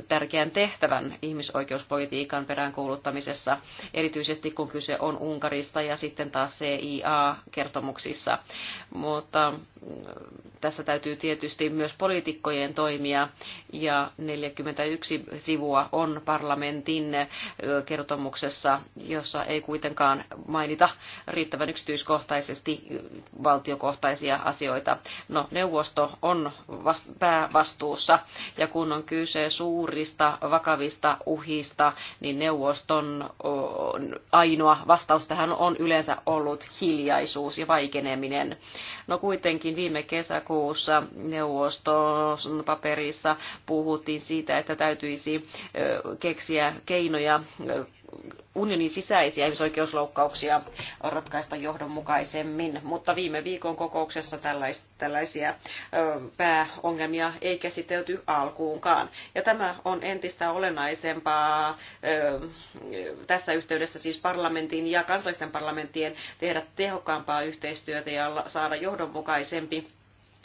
tärkeän tehtävän ihmisoikeuspolitiikan peräänkuuluttamisessa, erityisesti kun kyse on Unkarista ja sitten taas CIA-kertomuksissa. Mutta tässä täytyy tietysti myös poliitikkojen toimia ja 41 sivua on parlamentin kertomuksessa, jossa ei kuitenkaan mainita riittävän yksityiskohtaisesti valtiokohtaisia asioita. No, neuvosto on päävastuussa ja kun on kyse suurista vakavista uhista, niin neuvoston ainoa vastaus tähän on yleensä ollut hiljaisuus ja vaikeneminen. No kuitenkin viime kesäkuussa neuvoston paperissa puhuttiin siitä, että täytyisi keksiä keinoja unionin sisäisiä ihmisoikeusloukkauksia ratkaista johdonmukaisemmin, mutta viime viikon kokouksessa tällaisia pääongelmia ei käsitelty alkuunkaan. Ja tämä on entistä olennaisempaa tässä yhteydessä siis parlamentin ja kansallisten parlamenttien tehdä tehokkaampaa yhteistyötä ja saada johdonmukaisempi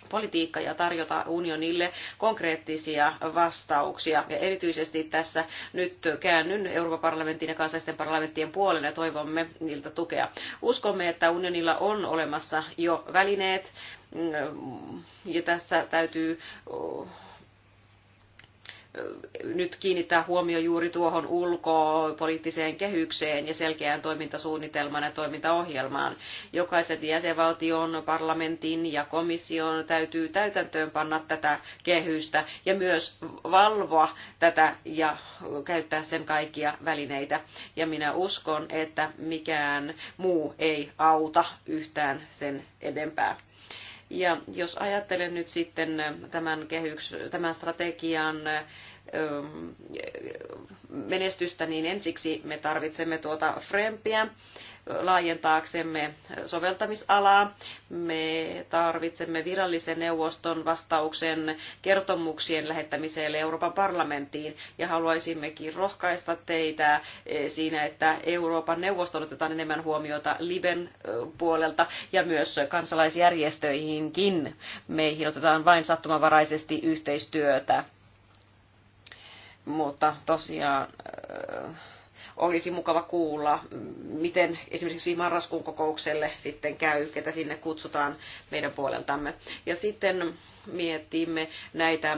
politiikka ja tarjota unionille konkreettisia vastauksia. Ja erityisesti tässä nyt käännyn Euroopan parlamentin ja kansallisten parlamenttien puolelle ja toivomme niiltä tukea. Uskomme, että unionilla on olemassa jo välineet mm, ja tässä täytyy nyt kiinnittää huomio juuri tuohon ulkopoliittiseen kehykseen ja selkeään toimintasuunnitelmaan ja toimintaohjelmaan. Jokaisen jäsenvaltion, parlamentin ja komission täytyy täytäntöön panna tätä kehystä ja myös valvoa tätä ja käyttää sen kaikkia välineitä. Ja minä uskon, että mikään muu ei auta yhtään sen enempää. Ja jos ajattelen nyt sitten tämän, kehyks, tämän strategian menestystä, niin ensiksi me tarvitsemme tuota Frempiä laajentaaksemme soveltamisalaa. Me tarvitsemme virallisen neuvoston vastauksen kertomuksien lähettämiselle Euroopan parlamenttiin ja haluaisimmekin rohkaista teitä eh, siinä, että Euroopan neuvosto otetaan enemmän huomiota Liben eh, puolelta ja myös kansalaisjärjestöihinkin. Meihin otetaan vain sattumavaraisesti yhteistyötä. Mutta tosiaan eh, olisi mukava kuulla, mm, miten esimerkiksi marraskuun kokoukselle sitten käy, ketä sinne kutsutaan meidän puoleltamme. Ja sitten mietimme näitä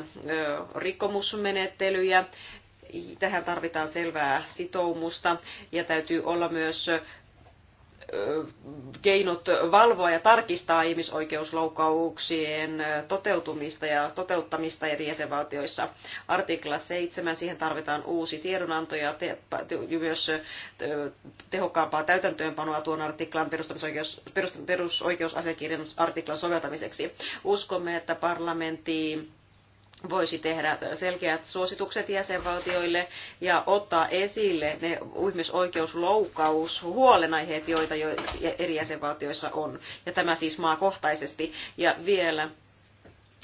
rikkomusmenettelyjä, tähän tarvitaan selvää sitoumusta ja täytyy olla myös keinot valvoa ja tarkistaa ihmisoikeusloukkauksien toteutumista ja toteuttamista eri jäsenvaltioissa. Artikla 7, siihen tarvitaan uusi tiedonanto ja te, myös tehokkaampaa täytäntöönpanoa tuon artiklan perusoikeus, perusoikeusasiakirjan artiklan soveltamiseksi. Uskomme, että parlamentti voisi tehdä selkeät suositukset jäsenvaltioille ja ottaa esille ne ihmisoikeusloukkaus huolenaiheet, joita jo eri jäsenvaltioissa on. Ja tämä siis maakohtaisesti. Ja vielä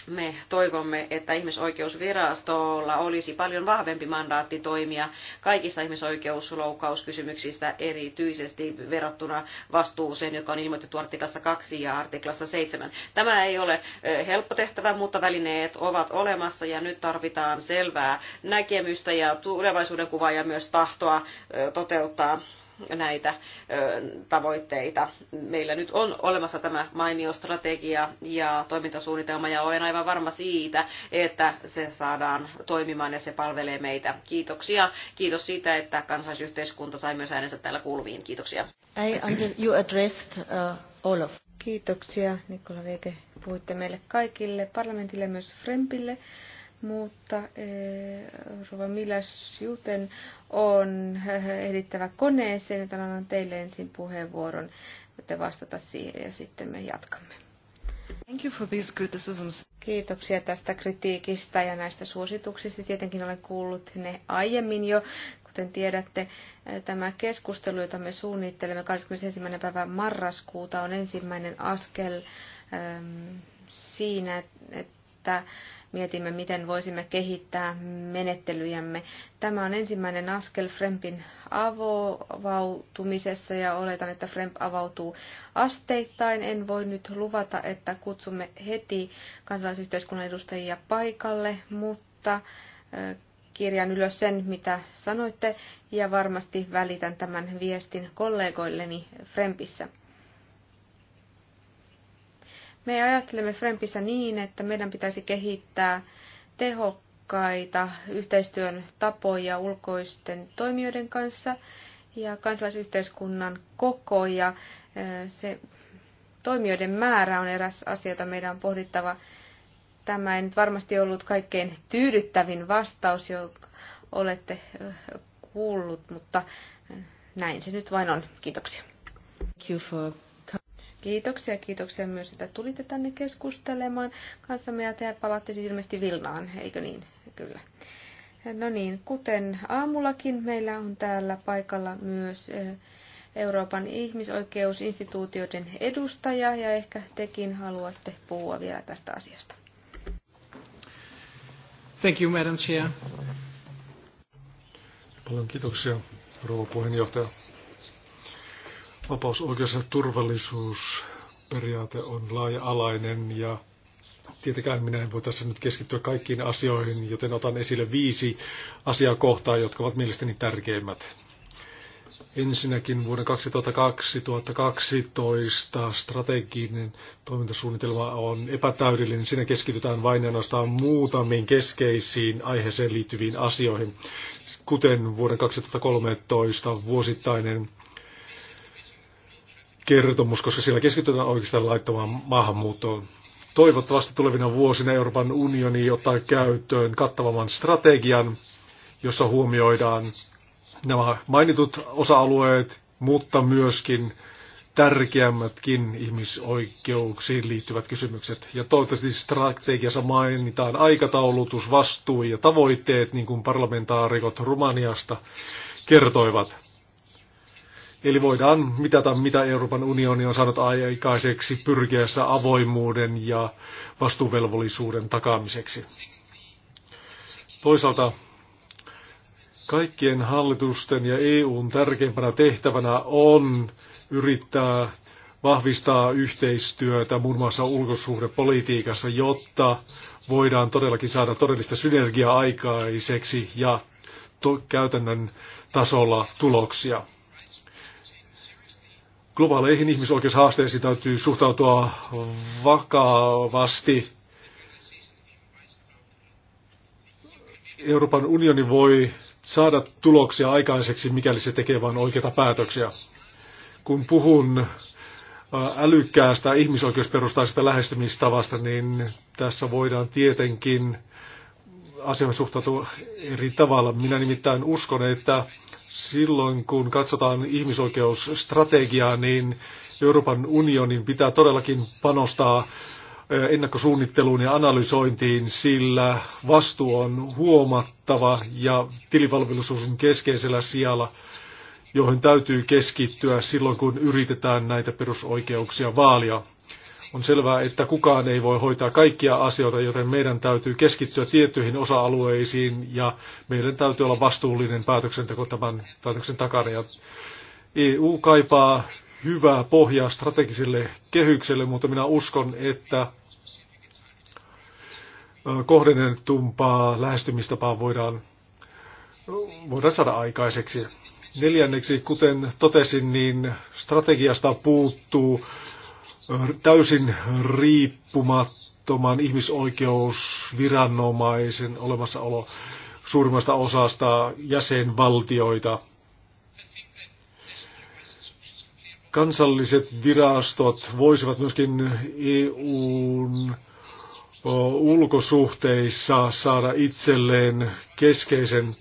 me toivomme, että ihmisoikeusvirastolla olisi paljon vahvempi mandaatti toimia kaikista ihmisoikeusloukkauskysymyksistä, erityisesti verrattuna vastuuseen, joka on ilmoitettu artiklassa 2 ja artiklassa 7. Tämä ei ole helppo tehtävä, mutta välineet ovat olemassa ja nyt tarvitaan selvää näkemystä ja tulevaisuuden kuvaa ja myös tahtoa toteuttaa näitä tavoitteita. Meillä nyt on olemassa tämä mainio strategia ja toimintasuunnitelma ja olen aivan varma siitä, että se saadaan toimimaan ja se palvelee meitä. Kiitoksia. Kiitos siitä, että kansalaisyhteiskunta sai myös äänensä täällä kuuluviin. Kiitoksia. I, you addressed, uh, all of. Kiitoksia Nikola Veke. Puhuitte meille kaikille, parlamentille myös Frempille mutta eh, Rova Milasjuten on edittävä eh, koneeseen, joten annan teille ensin puheenvuoron, että vastata siihen ja sitten me jatkamme. Thank you for these criticisms. Kiitoksia tästä kritiikistä ja näistä suosituksista. Tietenkin olen kuullut ne aiemmin jo. Kuten tiedätte, eh, tämä keskustelu, jota me suunnittelemme 21. päivä marraskuuta, on ensimmäinen askel ehm, siinä, että mietimme, miten voisimme kehittää menettelyjämme. Tämä on ensimmäinen askel Frempin avautumisessa ja oletan, että Fremp avautuu asteittain. En voi nyt luvata, että kutsumme heti kansalaisyhteiskunnan edustajia paikalle, mutta kirjan ylös sen, mitä sanoitte, ja varmasti välitän tämän viestin kollegoilleni Frempissä. Me ajattelemme Frempissä niin, että meidän pitäisi kehittää tehokkaita yhteistyön tapoja ulkoisten toimijoiden kanssa ja kansalaisyhteiskunnan koko ja se toimijoiden määrä on eräs asia, jota meidän on pohdittava. Tämä ei nyt varmasti ollut kaikkein tyydyttävin vastaus, jonka olette kuullut, mutta näin se nyt vain on. Kiitoksia. Thank you for Kiitoksia, kiitoksia myös, että tulitte tänne keskustelemaan kanssamme ja te palaatte siis ilmeisesti Vilnaan, eikö niin? Kyllä. No niin, kuten aamullakin meillä on täällä paikalla myös Euroopan ihmisoikeusinstituutioiden edustaja ja ehkä tekin haluatte puhua vielä tästä asiasta. Thank you, Madam Chair. Paljon kiitoksia, rouva puheenjohtaja. Vapaus, oikeus ja turvallisuusperiaate on laaja-alainen ja tietenkään minä en voi tässä nyt keskittyä kaikkiin asioihin, joten otan esille viisi asiakohtaa, jotka ovat mielestäni tärkeimmät. Ensinnäkin vuoden 2012 strateginen toimintasuunnitelma on epätäydellinen. Siinä keskitytään vain ainoastaan muutamiin keskeisiin aiheeseen liittyviin asioihin, kuten vuoden 2013 vuosittainen kertomus, koska siellä keskitytään oikeastaan laittamaan maahanmuuttoon. Toivottavasti tulevina vuosina Euroopan unioni ottaa käyttöön kattavamman strategian, jossa huomioidaan nämä mainitut osa-alueet, mutta myöskin tärkeämmätkin ihmisoikeuksiin liittyvät kysymykset. Ja toivottavasti strategiassa mainitaan aikataulutus, vastuu ja tavoitteet, niin kuin parlamentaarikot Rumaniasta kertoivat. Eli voidaan mitata, mitä Euroopan unioni on saanut aikaiseksi pyrkiessä avoimuuden ja vastuuvelvollisuuden takaamiseksi. Toisaalta kaikkien hallitusten ja EUn tärkeimpänä tehtävänä on yrittää vahvistaa yhteistyötä muun muassa ulkosuhdepolitiikassa, jotta voidaan todellakin saada todellista synergiaa aikaiseksi ja to- käytännön tasolla tuloksia globaaleihin ihmisoikeushaasteisiin täytyy suhtautua vakavasti. Euroopan unioni voi saada tuloksia aikaiseksi, mikäli se tekee vain oikeita päätöksiä. Kun puhun älykkäästä ihmisoikeusperustaisesta lähestymistavasta, niin tässä voidaan tietenkin asian suhtautua eri tavalla. Minä nimittäin uskon, että silloin kun katsotaan ihmisoikeusstrategiaa, niin Euroopan unionin pitää todellakin panostaa eh, ennakkosuunnitteluun ja analysointiin, sillä vastuu on huomattava ja tilivalvelisuus on keskeisellä sijalla, johon täytyy keskittyä silloin, kun yritetään näitä perusoikeuksia vaalia. On selvää, että kukaan ei voi hoitaa kaikkia asioita, joten meidän täytyy keskittyä tiettyihin osa-alueisiin ja meidän täytyy olla vastuullinen päätöksenteko tämän päätöksen takana. Ja EU kaipaa hyvää pohjaa strategiselle kehykselle, mutta minä uskon, että kohdennetumpaa lähestymistapaa voidaan, voidaan saada aikaiseksi. Neljänneksi, kuten totesin, niin strategiasta puuttuu täysin riippumattoman ihmisoikeusviranomaisen olemassaolo suurimmasta osasta jäsenvaltioita. Kansalliset virastot voisivat myöskin EUn ulkosuhteissa saada itselleen keskeisen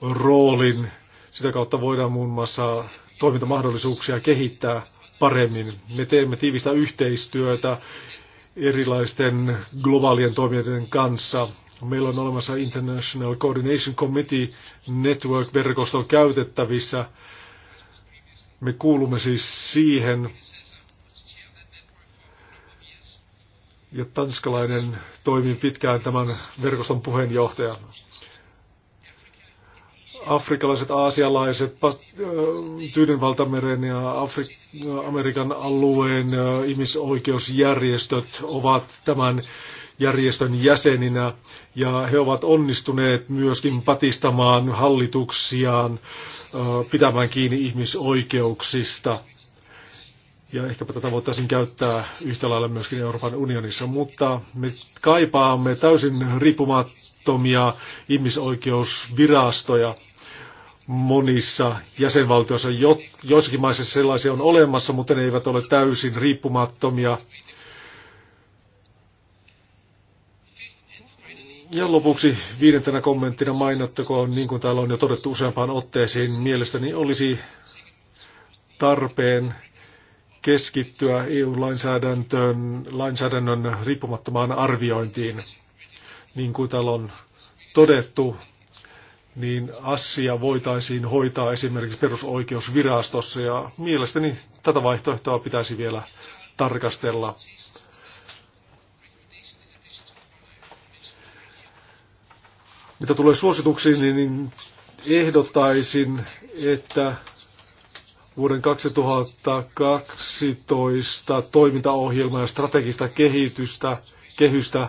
roolin. Sitä kautta voidaan muun muassa toimintamahdollisuuksia kehittää paremmin. Me teemme tiivistä yhteistyötä erilaisten globaalien toimijoiden kanssa. Meillä on olemassa International Coordination Committee Network-verkosto käytettävissä. Me kuulumme siis siihen. Ja tanskalainen toimii pitkään tämän verkoston puheenjohtajana afrikalaiset, aasialaiset, Tyydenvaltameren ja Afri- Amerikan alueen ihmisoikeusjärjestöt ovat tämän järjestön jäseninä ja he ovat onnistuneet myöskin patistamaan hallituksiaan pitämään kiinni ihmisoikeuksista. Ja ehkäpä tätä voitaisiin käyttää yhtä lailla myöskin Euroopan unionissa, mutta me kaipaamme täysin riippumattomia ihmisoikeusvirastoja monissa jäsenvaltioissa. Joissakin maissa sellaisia on olemassa, mutta ne eivät ole täysin riippumattomia. Ja lopuksi viidentenä kommenttina mainittakoon, niin kuin täällä on jo todettu useampaan otteeseen, mielestäni olisi tarpeen keskittyä EU-lainsäädännön lainsäädännön riippumattomaan arviointiin. Niin kuin täällä on todettu, niin asia voitaisiin hoitaa esimerkiksi perusoikeusvirastossa ja mielestäni tätä vaihtoehtoa pitäisi vielä tarkastella. Mitä tulee suosituksiin, niin, niin ehdottaisin, että vuoden 2012 toimintaohjelma ja strategista kehitystä, kehystä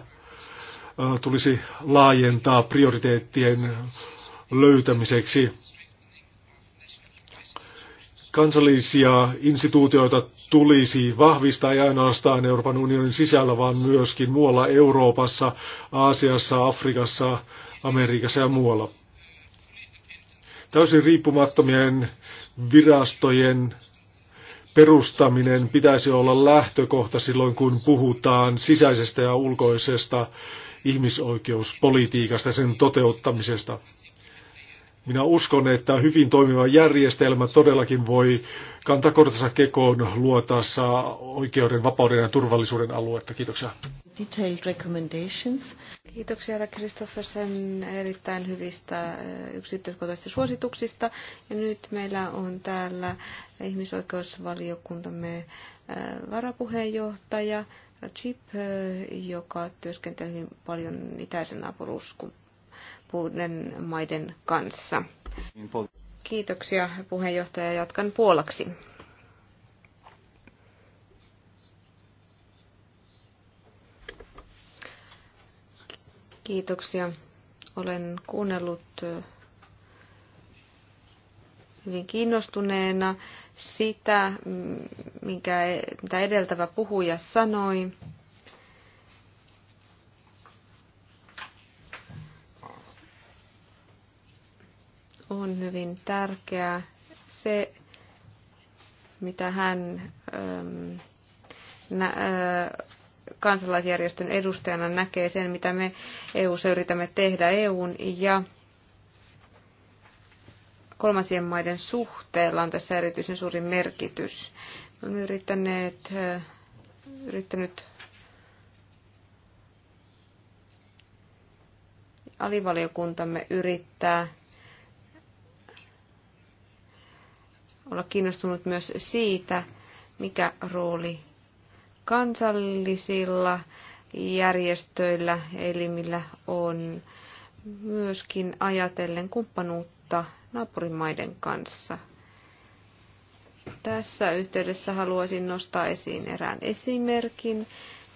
tulisi laajentaa prioriteettien löytämiseksi. Kansallisia instituutioita tulisi vahvistaa ei ainoastaan Euroopan unionin sisällä, vaan myöskin muualla Euroopassa, Aasiassa, Afrikassa, Amerikassa ja muualla. Täysin riippumattomien virastojen perustaminen pitäisi olla lähtökohta silloin, kun puhutaan sisäisestä ja ulkoisesta ihmisoikeuspolitiikasta ja sen toteuttamisesta. Minä uskon, että hyvin toimiva järjestelmä todellakin voi kantaa kortensa kekoon luotaassa oikeuden, vapauden ja turvallisuuden aluetta. Kiitoksia. Detailed recommendations. Kiitoksia herra Kristoffersen erittäin hyvistä eh, yksityiskohtaisista suosituksista. Ja nyt meillä on täällä ihmisoikeusvaliokuntamme eh, varapuheenjohtaja Chip, eh, joka työskentelee hyvin paljon itäisen naapuruuskumppanin kuuden maiden kanssa. Niin, Kiitoksia puheenjohtaja. Jatkan puolaksi. Kiitoksia. Olen kuunnellut hyvin kiinnostuneena sitä, minkä, e- mitä edeltävä puhuja sanoi. on hyvin tärkeää. Se, mitä hän ähm, nä, äh, kansalaisjärjestön edustajana näkee, sen, mitä me eu yritämme tehdä EUn ja kolmansien maiden suhteella on tässä erityisen suuri merkitys. Olemme yrittäneet, äh, yrittänyt alivaliokuntamme yrittää olla kiinnostunut myös siitä, mikä rooli kansallisilla järjestöillä, elimillä on myöskin ajatellen kumppanuutta naapurimaiden kanssa. Tässä yhteydessä haluaisin nostaa esiin erään esimerkin,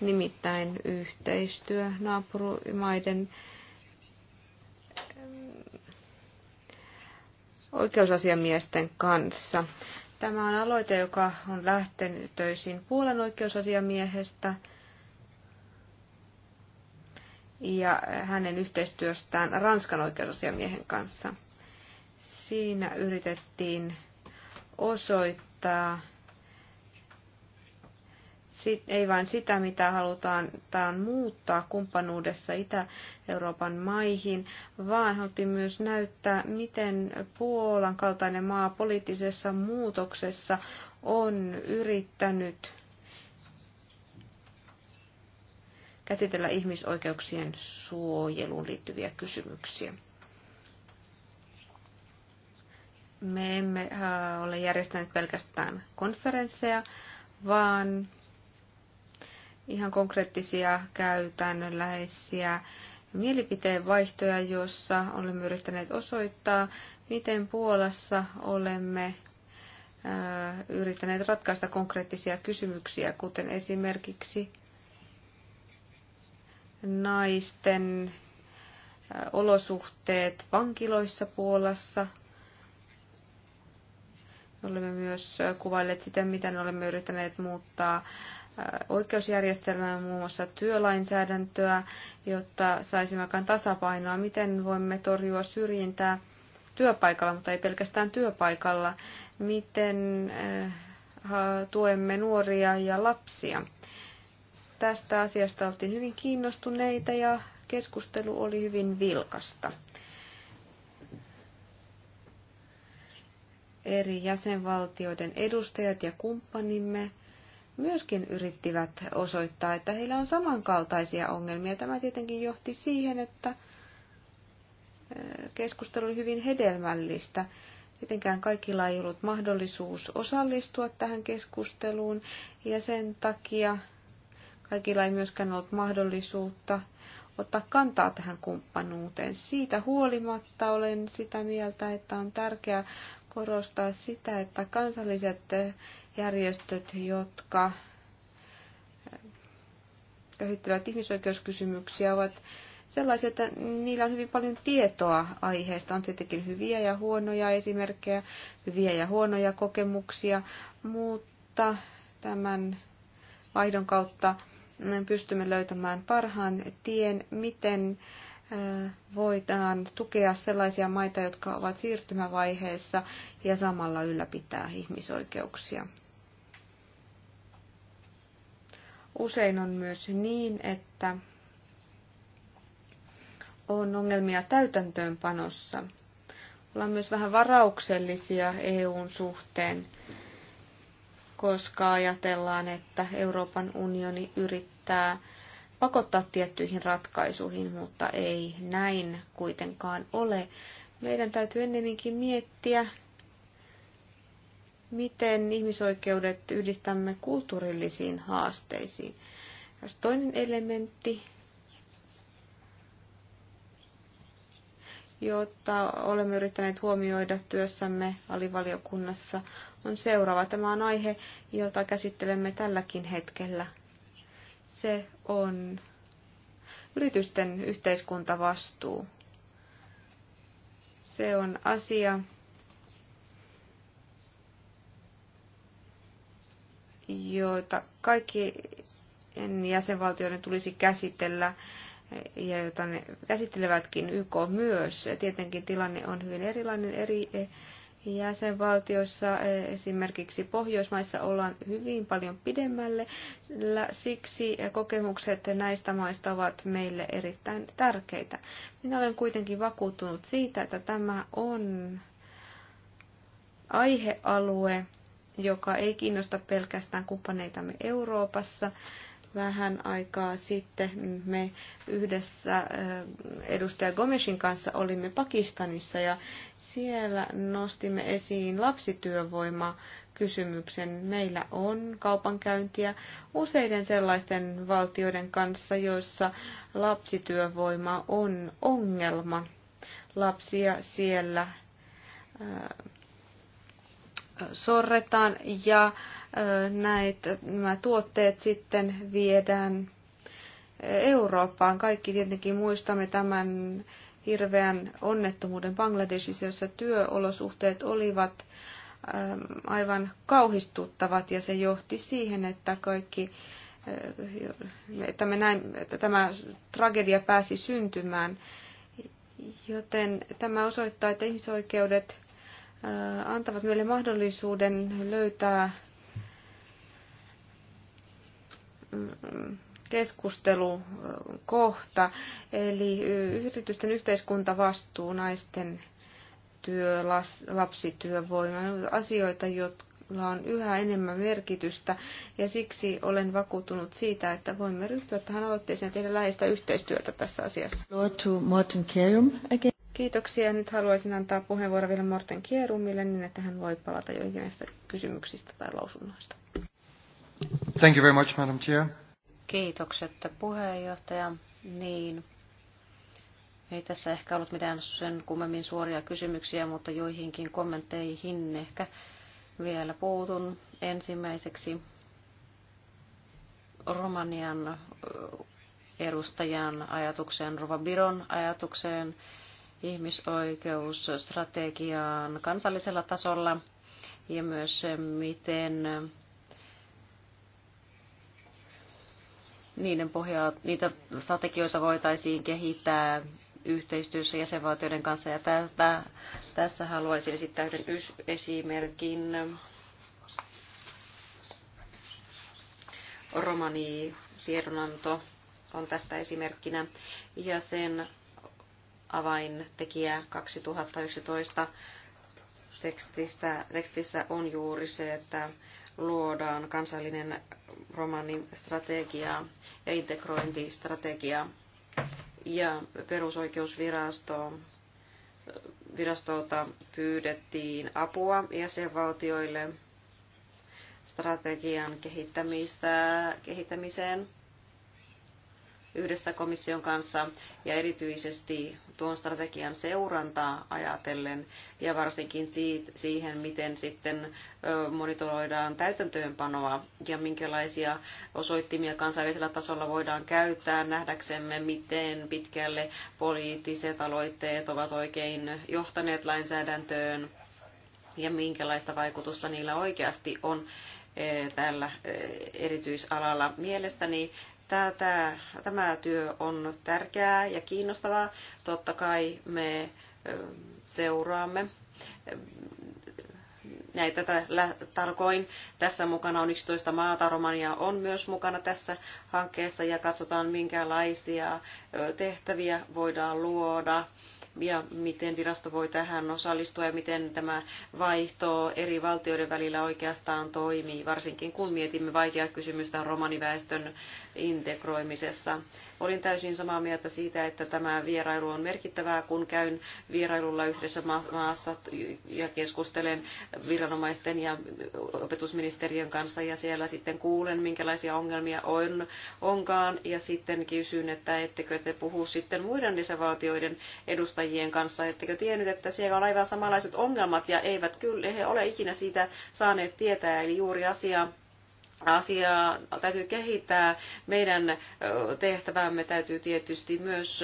nimittäin yhteistyö naapurimaiden oikeusasiamiesten kanssa. Tämä on aloite, joka on lähtenyt töisin Puolan oikeusasiamiehestä ja hänen yhteistyöstään Ranskan oikeusasiamiehen kanssa. Siinä yritettiin osoittaa, sit, ei vain sitä, mitä halutaan taan muuttaa kumppanuudessa Itä-Euroopan maihin, vaan haluttiin myös näyttää, miten Puolan kaltainen maa poliittisessa muutoksessa on yrittänyt käsitellä ihmisoikeuksien suojeluun liittyviä kysymyksiä. Me emme äh, ole järjestäneet pelkästään konferensseja, vaan ihan konkreettisia käytännönläheisiä mielipiteen vaihtoja, joissa olemme yrittäneet osoittaa, miten Puolassa olemme yrittäneet ratkaista konkreettisia kysymyksiä, kuten esimerkiksi naisten olosuhteet vankiloissa Puolassa. Olemme myös kuvailleet sitä, miten olemme yrittäneet muuttaa oikeusjärjestelmää, muun muassa työlainsäädäntöä, jotta saisimme aikaan tasapainoa, miten voimme torjua syrjintää työpaikalla, mutta ei pelkästään työpaikalla, miten eh, tuemme nuoria ja lapsia. Tästä asiasta oltiin hyvin kiinnostuneita ja keskustelu oli hyvin vilkasta. Eri jäsenvaltioiden edustajat ja kumppanimme myöskin yrittivät osoittaa, että heillä on samankaltaisia ongelmia. Tämä tietenkin johti siihen, että keskustelu oli hyvin hedelmällistä. Tietenkään kaikilla ei ollut mahdollisuus osallistua tähän keskusteluun ja sen takia kaikilla ei myöskään ollut mahdollisuutta ottaa kantaa tähän kumppanuuteen. Siitä huolimatta olen sitä mieltä, että on tärkeää korostaa sitä, että kansalliset järjestöt, jotka käsittelevät ihmisoikeuskysymyksiä, ovat sellaisia, että niillä on hyvin paljon tietoa aiheesta. On tietenkin hyviä ja huonoja esimerkkejä, hyviä ja huonoja kokemuksia, mutta tämän vaihdon kautta me pystymme löytämään parhaan tien, miten voidaan tukea sellaisia maita, jotka ovat siirtymävaiheessa ja samalla ylläpitää ihmisoikeuksia. Usein on myös niin, että on ongelmia täytäntöönpanossa. Ollaan myös vähän varauksellisia EUn suhteen, koska ajatellaan, että Euroopan unioni yrittää pakottaa tiettyihin ratkaisuihin, mutta ei näin kuitenkaan ole. Meidän täytyy ennemminkin miettiä miten ihmisoikeudet yhdistämme kulttuurillisiin haasteisiin. Jos toinen elementti, jota olemme yrittäneet huomioida työssämme alivaliokunnassa, on seuraava. Tämä on aihe, jota käsittelemme tälläkin hetkellä. Se on yritysten yhteiskuntavastuu. Se on asia, joita kaikki jäsenvaltioiden tulisi käsitellä ja joita ne käsittelevätkin YK myös. Tietenkin tilanne on hyvin erilainen eri jäsenvaltioissa, esimerkiksi Pohjoismaissa ollaan hyvin paljon pidemmälle. Siksi kokemukset näistä maista ovat meille erittäin tärkeitä. Minä olen kuitenkin vakuuttunut siitä, että tämä on aihealue, joka ei kiinnosta pelkästään kumppaneitamme Euroopassa. Vähän aikaa sitten me yhdessä eh, edustaja Gomesin kanssa olimme Pakistanissa ja siellä nostimme esiin lapsityövoima kysymyksen. Meillä on kaupankäyntiä useiden sellaisten valtioiden kanssa, joissa lapsityövoima on ongelma. Lapsia siellä eh, sorretaan ja näitä, nämä tuotteet sitten viedään Eurooppaan. Kaikki tietenkin muistamme tämän hirveän onnettomuuden Bangladesissa, jossa työolosuhteet olivat aivan kauhistuttavat ja se johti siihen, että kaikki että, me näin, että tämä tragedia pääsi syntymään. Joten tämä osoittaa, että ihmisoikeudet antavat meille mahdollisuuden löytää mm, keskustelukohta, eli yritysten yhteiskuntavastuu, naisten työ, lapsityövoima, asioita, joilla on yhä enemmän merkitystä, ja siksi olen vakuuttunut siitä, että voimme ryhtyä tähän aloitteeseen ja tehdä läheistä yhteistyötä tässä asiassa. Lord to Kerum again. Kiitoksia. Nyt haluaisin antaa puheenvuoron vielä Morten Kierumille niin, että hän voi palata joihinkin näistä kysymyksistä tai lausunnoista. Thank you very much, Madam Chair. Kiitokset puheenjohtaja. Niin, ei tässä ehkä ollut mitään sen kummemmin suoria kysymyksiä, mutta joihinkin kommentteihin ehkä vielä puutun. Ensimmäiseksi Romanian edustajan ajatukseen, Rova Biron ajatukseen ihmisoikeusstrategiaan kansallisella tasolla ja myös se, miten niiden pohjaa, niitä strategioita voitaisiin kehittää yhteistyössä jäsenvaltioiden kanssa. Ja tästä, tässä haluaisin esittää yhden esimerkin romani tiedonanto on tästä esimerkkinä. Ja sen avaintekijä 2011 tekstistä, tekstissä on juuri se, että luodaan kansallinen romanistrategia ja integrointistrategia. Ja perusoikeusvirasto virastolta pyydettiin apua jäsenvaltioille strategian kehittämistä, kehittämiseen yhdessä komission kanssa ja erityisesti tuon strategian seurantaa ajatellen ja varsinkin siihen, miten sitten monitoroidaan täytäntöönpanoa ja minkälaisia osoittimia kansainvälisellä tasolla voidaan käyttää nähdäksemme, miten pitkälle poliittiset aloitteet ovat oikein johtaneet lainsäädäntöön ja minkälaista vaikutusta niillä oikeasti on tällä erityisalalla. Mielestäni Tätä, tämä työ on tärkeää ja kiinnostavaa. Totta kai me seuraamme näitä tarkoin. Tässä mukana on 11 maata, Romania on myös mukana tässä hankkeessa ja katsotaan minkälaisia tehtäviä voidaan luoda ja miten virasto voi tähän osallistua ja miten tämä vaihto eri valtioiden välillä oikeastaan toimii, varsinkin kun mietimme vaikeaa kysymystä romaniväestön integroimisessa Olin täysin samaa mieltä siitä, että tämä vierailu on merkittävää, kun käyn vierailulla yhdessä maassa ja keskustelen viranomaisten ja opetusministeriön kanssa ja siellä sitten kuulen, minkälaisia ongelmia on, onkaan ja sitten kysyn, että ettekö te puhu sitten muiden lisävaltioiden edustajien kanssa, ettekö tiennyt, että siellä on aivan samanlaiset ongelmat ja eivät kyllä, he ole ikinä siitä saaneet tietää, eli juuri asia asiaa täytyy kehittää. Meidän tehtävämme täytyy tietysti myös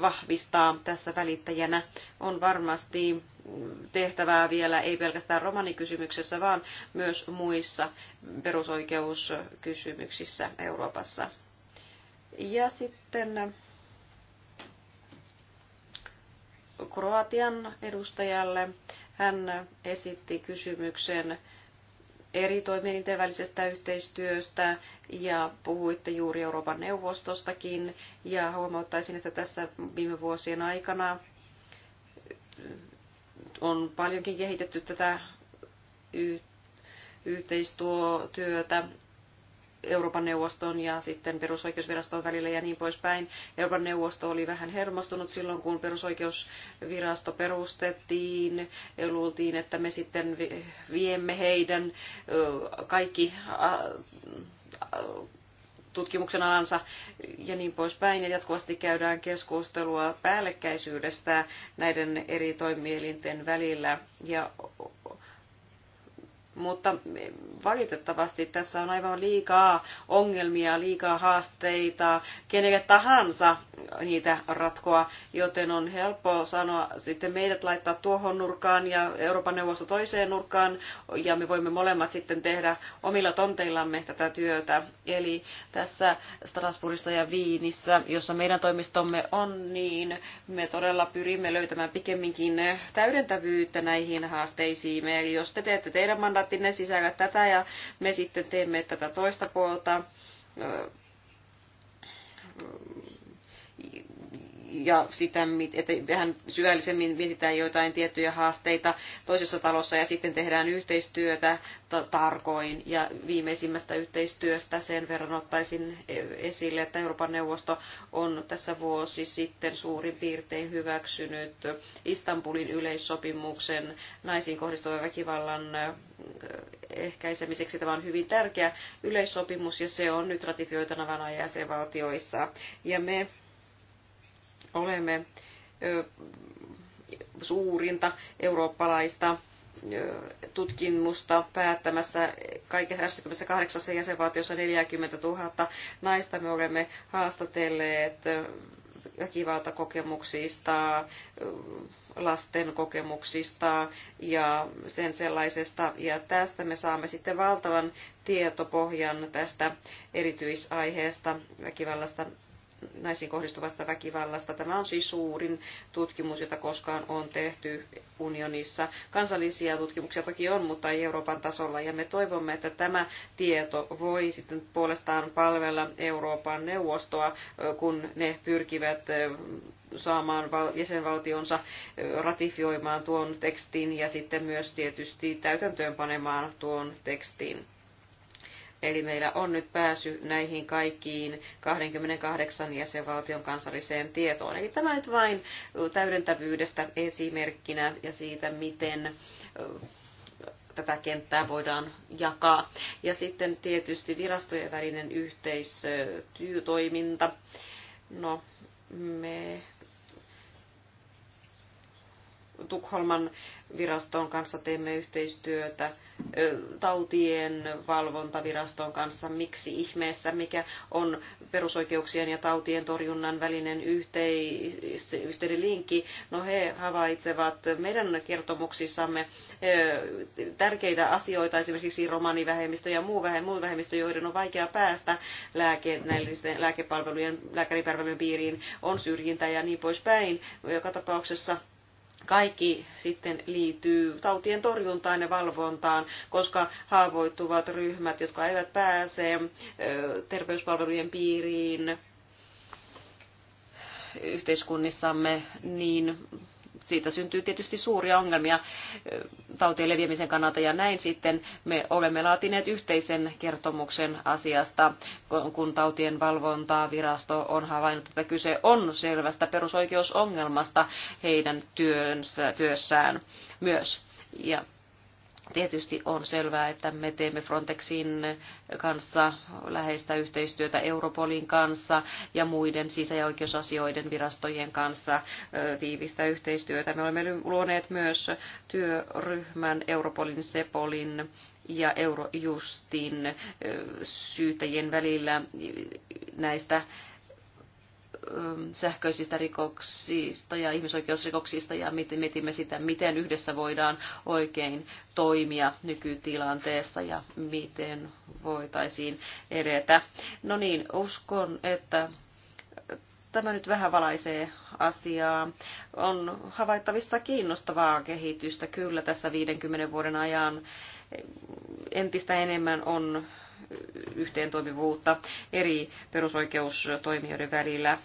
vahvistaa tässä välittäjänä. On varmasti mm, tehtävää vielä ei pelkästään romanikysymyksessä, vaan myös muissa perusoikeuskysymyksissä Euroopassa. Ja sitten Kroatian edustajalle. Hän esitti kysymyksen eri toimielinten välisestä yhteistyöstä ja puhuitte juuri Euroopan neuvostostakin ja huomauttaisin, että tässä viime vuosien aikana on paljonkin kehitetty tätä yhteistyötä Euroopan neuvoston ja sitten perusoikeusviraston välillä ja niin poispäin. Euroopan neuvosto oli vähän hermostunut silloin, kun perusoikeusvirasto perustettiin. Ja luultiin, että me sitten viemme heidän kaikki tutkimuksen alansa ja niin poispäin. Ja jatkuvasti käydään keskustelua päällekkäisyydestä näiden eri toimielinten välillä. Ja mutta valitettavasti tässä on aivan liikaa ongelmia, liikaa haasteita, kenelle tahansa niitä ratkoa, joten on helppo sanoa sitten meidät laittaa tuohon nurkaan ja Euroopan neuvosto toiseen nurkaan, ja me voimme molemmat sitten tehdä omilla tonteillamme tätä työtä. Eli tässä Strasbourgissa ja Viinissä, jossa meidän toimistomme on, niin me todella pyrimme löytämään pikemminkin täydentävyyttä näihin haasteisiin. Eli jos te teette teidän mandat- saavat, ne sisällä tätä ja me sitten teemme tätä toista puolta ja sitä, että vähän syvällisemmin mietitään joitain tiettyjä haasteita toisessa talossa ja sitten tehdään yhteistyötä tarkoin. Ja viimeisimmästä yhteistyöstä sen verran ottaisin esille, että Euroopan neuvosto on tässä vuosi sitten suurin piirtein hyväksynyt Istanbulin yleissopimuksen naisiin kohdistuvan väkivallan eh, ehkäisemiseksi. Tämä on hyvin tärkeä yleissopimus ja se on nyt ratifioitana jäsenvaltioissa. Ja me Olemme suurinta eurooppalaista tutkimusta päättämässä kaikessa 28 jäsenvaltiossa 40 000 naista. Me olemme haastatelleet väkivaltakokemuksista, lasten kokemuksista ja sen sellaisesta. Ja tästä me saamme sitten valtavan tietopohjan tästä erityisaiheesta väkivallasta naisiin kohdistuvasta väkivallasta. Tämä on siis suurin tutkimus, jota koskaan on tehty unionissa. Kansallisia tutkimuksia toki on, mutta ei Euroopan tasolla. Ja me toivomme, että tämä tieto voi sitten puolestaan palvella Euroopan neuvostoa, kun ne pyrkivät saamaan jäsenvaltionsa ratifioimaan tuon tekstin ja sitten myös tietysti täytäntöönpanemaan tuon tekstin Eli meillä on nyt pääsy näihin kaikkiin 28 jäsenvaltion kansalliseen tietoon. Eli tämä nyt vain täydentävyydestä esimerkkinä ja siitä, miten tätä kenttää voidaan jakaa. Ja sitten tietysti virastojen välinen yhteistoiminta. No, me Tukholman viraston kanssa teemme yhteistyötä, tautien valvontaviraston kanssa. Miksi ihmeessä, mikä on perusoikeuksien ja tautien torjunnan välinen yhteis, yhteinen linkki? No he havaitsevat meidän kertomuksissamme tärkeitä asioita, esimerkiksi romanivähemmistö ja muu vähemmistö, joiden on vaikea päästä lääke, lääkepalvelujen, lääkäripalvelujen piiriin, on syrjintää ja niin poispäin. Joka tapauksessa kaikki sitten liittyy tautien torjuntaan ja valvontaan, koska haavoittuvat ryhmät, jotka eivät pääse terveyspalvelujen piiriin yhteiskunnissamme, niin siitä syntyy tietysti suuria ongelmia tautien leviämisen kannalta ja näin sitten me olemme laatineet yhteisen kertomuksen asiasta, kun tautien valvontaa virasto on havainnut, että kyse on selvästä perusoikeusongelmasta heidän työnsä, työssään myös. Ja Tietysti on selvää, että me teemme Frontexin kanssa läheistä yhteistyötä Europolin kanssa ja muiden sisä- ja oikeusasioiden virastojen kanssa tiivistä yhteistyötä. Me olemme luoneet myös työryhmän Europolin, Sepolin ja Eurojustin syyttäjien välillä näistä Ähm, sähköisistä rikoksista ja ihmisoikeusrikoksista ja mietimme sitä, miten yhdessä voidaan oikein toimia nykytilanteessa ja miten voitaisiin edetä. No niin, uskon, että tämä nyt vähän valaisee asiaa. On havaittavissa kiinnostavaa kehitystä kyllä tässä 50 vuoden ajan. Entistä enemmän on yhteentoimivuutta eri perusoikeustoimijoiden välillä.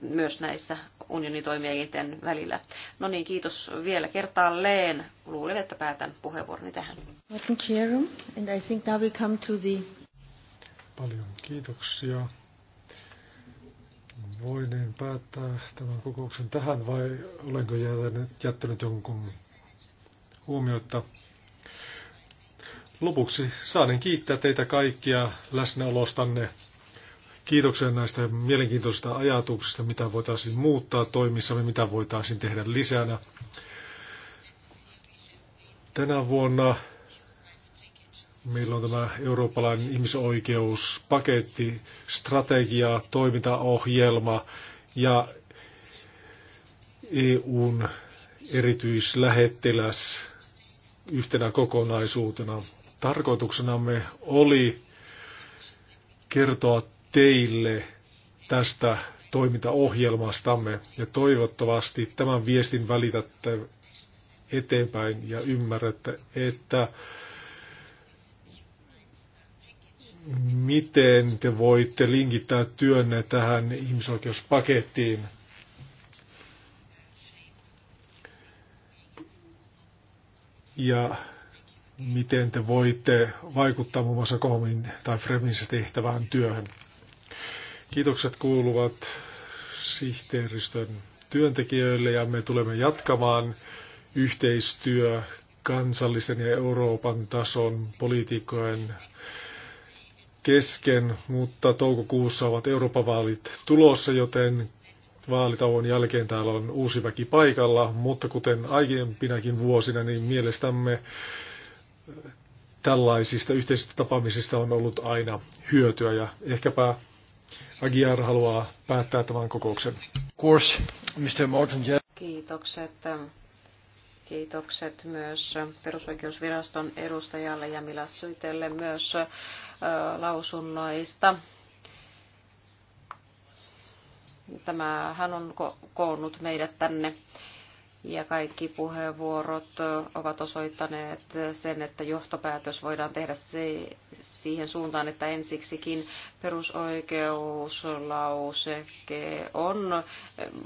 myös näissä unionin välillä. No niin, kiitos vielä kertaalleen. Luulen, että päätän puheenvuoroni tähän. Paljon kiitoksia. Voin päättää tämän kokouksen tähän vai olenko jättänyt jonkun huomiota? Lopuksi saanen kiittää teitä kaikkia läsnäolostanne. Kiitoksia näistä mielenkiintoisista ajatuksista, mitä voitaisiin muuttaa toimissamme, mitä voitaisiin tehdä lisänä. Tänä vuonna meillä on tämä eurooppalainen ihmisoikeuspaketti, strategia, toimintaohjelma ja EUn erityislähettiläs yhtenä kokonaisuutena tarkoituksenamme oli kertoa teille tästä toimintaohjelmastamme ja toivottavasti tämän viestin välitätte eteenpäin ja ymmärrätte, että miten te voitte linkittää työnne tähän ihmisoikeuspakettiin. Ja miten te voitte vaikuttaa muun muassa Komin tai Freminsä tehtävään työhön. Kiitokset kuuluvat sihteeristön työntekijöille ja me tulemme jatkamaan yhteistyö kansallisen ja Euroopan tason poliitikkojen kesken, mutta toukokuussa ovat Euroopan vaalit tulossa, joten vaalitauon jälkeen täällä on uusi väki paikalla, mutta kuten aiempinakin vuosina, niin mielestämme tällaisista yhteisistä tapaamisista on ollut aina hyötyä ja ehkäpä Agiar haluaa päättää tämän kokouksen. Course, Mr. Morton. Kiitokset. Kiitokset myös perusoikeusviraston edustajalle ja mila Syitelle myös lausunnoista. Tämähän on koonnut meidät tänne ja kaikki puheenvuorot ovat osoittaneet sen, että johtopäätös voidaan tehdä se, siihen suuntaan, että ensiksikin perusoikeuslauseke on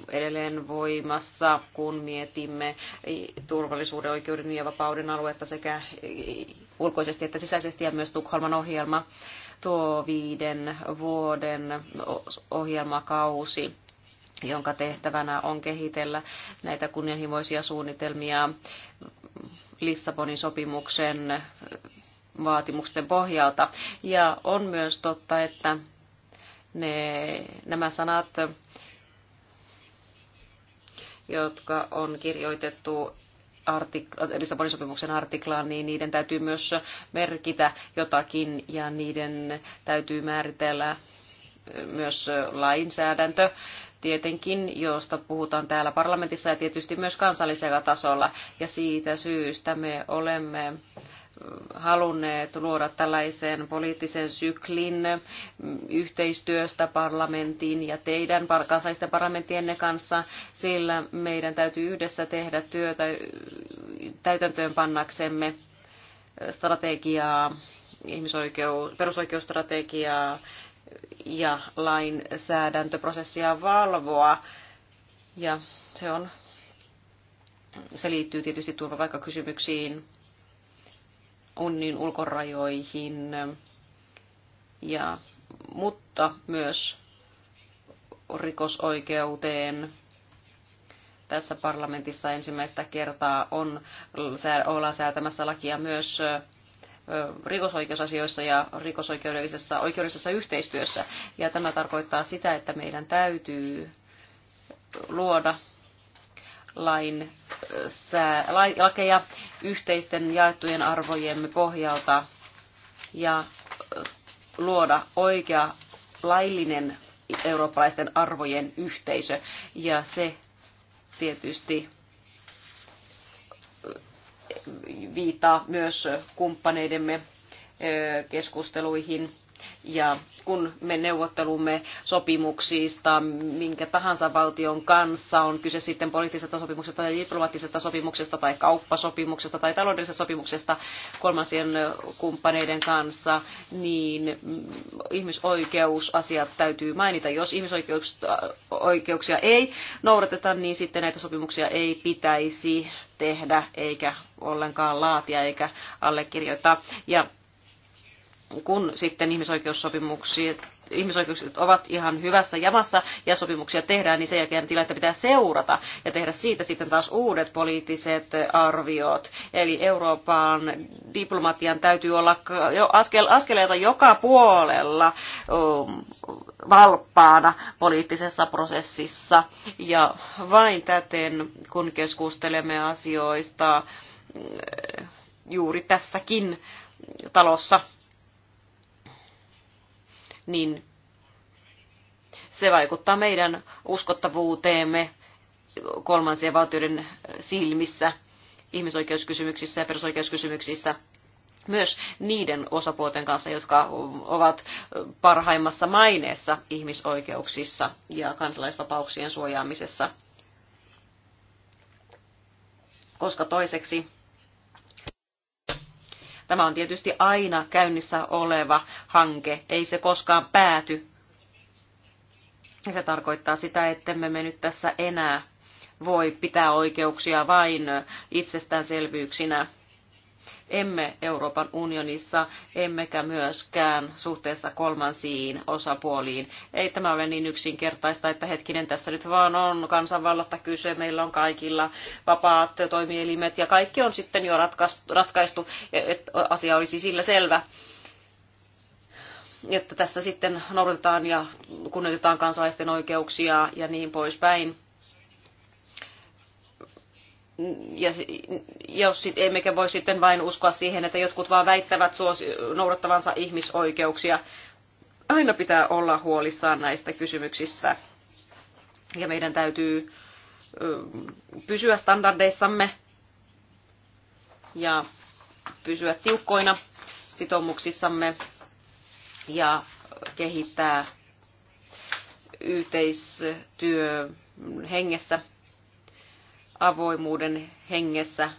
edelleen voimassa, kun mietimme turvallisuuden, oikeuden ja vapauden aluetta sekä ulkoisesti että sisäisesti ja myös Tukholman ohjelma tuo viiden vuoden ohjelmakausi jonka tehtävänä on kehitellä näitä kunnianhimoisia suunnitelmia Lissabonin sopimuksen vaatimusten pohjalta. Ja on myös totta, että ne, nämä sanat, jotka on kirjoitettu artik- Lissabonin sopimuksen artiklaan, niin niiden täytyy myös merkitä jotakin ja niiden täytyy määritellä myös lainsäädäntö tietenkin, josta puhutaan täällä parlamentissa ja tietysti myös kansallisella tasolla. Ja siitä syystä me olemme halunneet luoda tällaisen poliittisen syklin yhteistyöstä parlamentin ja teidän kansallisten parlamenttienne kanssa, sillä meidän täytyy yhdessä tehdä työtä täytäntöönpannaksemme strategiaa, ihmisoikeus, perusoikeusstrategiaa ja lainsäädäntöprosessia valvoa. Ja se, on, se liittyy tietysti turvapaikkakysymyksiin, unnin ulkorajoihin, ja, mutta myös rikosoikeuteen. Tässä parlamentissa ensimmäistä kertaa on, ollaan säätämässä lakia myös rikosoikeusasioissa ja rikosoikeudellisessa oikeudellisessa yhteistyössä. Ja tämä tarkoittaa sitä, että meidän täytyy luoda lain, sää, lakeja yhteisten jaettujen arvojemme pohjalta ja luoda oikea laillinen eurooppalaisten arvojen yhteisö. Ja se tietysti viittaa myös kumppaneidemme keskusteluihin ja kun me neuvottelumme sopimuksista minkä tahansa valtion kanssa, on kyse sitten poliittisesta sopimuksesta tai diplomaattisesta sopimuksesta tai kauppasopimuksesta tai taloudellisesta sopimuksesta kolmansien kumppaneiden kanssa, niin ihmisoikeusasiat täytyy mainita. Jos ihmisoikeuksia ei noudateta, niin sitten näitä sopimuksia ei pitäisi tehdä eikä ollenkaan laatia eikä allekirjoittaa. Ja kun sitten ihmisoikeussopimukset ihmisoikeukset ovat ihan hyvässä jamassa ja sopimuksia tehdään, niin sen jälkeen tilannetta pitää seurata ja tehdä siitä sitten taas uudet poliittiset arviot. Eli Euroopan diplomatian täytyy olla jo askel, askeleita joka puolella um, valppaana poliittisessa prosessissa. Ja vain täten, kun keskustelemme asioista mm, juuri tässäkin talossa niin se vaikuttaa meidän uskottavuuteemme kolmansien valtioiden silmissä ihmisoikeuskysymyksissä ja perusoikeuskysymyksissä myös niiden osapuolten kanssa, jotka ovat parhaimmassa maineessa ihmisoikeuksissa ja kansalaisvapauksien suojaamisessa. Koska toiseksi Tämä on tietysti aina käynnissä oleva hanke, ei se koskaan pääty. Ja se tarkoittaa sitä, että me nyt tässä enää voi pitää oikeuksia vain itsestäänselvyyksinä emme Euroopan unionissa, emmekä myöskään suhteessa kolmansiin osapuoliin. Ei tämä ole niin yksinkertaista, että hetkinen tässä nyt vaan on kansanvallasta kyse, meillä on kaikilla vapaat toimielimet ja kaikki on sitten jo ratkaistu, että asia olisi sillä selvä että tässä sitten noudatetaan ja kunnioitetaan kansalaisten oikeuksia ja niin poispäin ja jos sit, emmekä voi sitten vain uskoa siihen, että jotkut vaan väittävät suosi, noudattavansa ihmisoikeuksia. Aina pitää olla huolissaan näistä kysymyksistä. Ja meidän täytyy pysyä standardeissamme ja pysyä tiukkoina sitoumuksissamme ja kehittää yhteistyö hengessä avoimuuden hengessä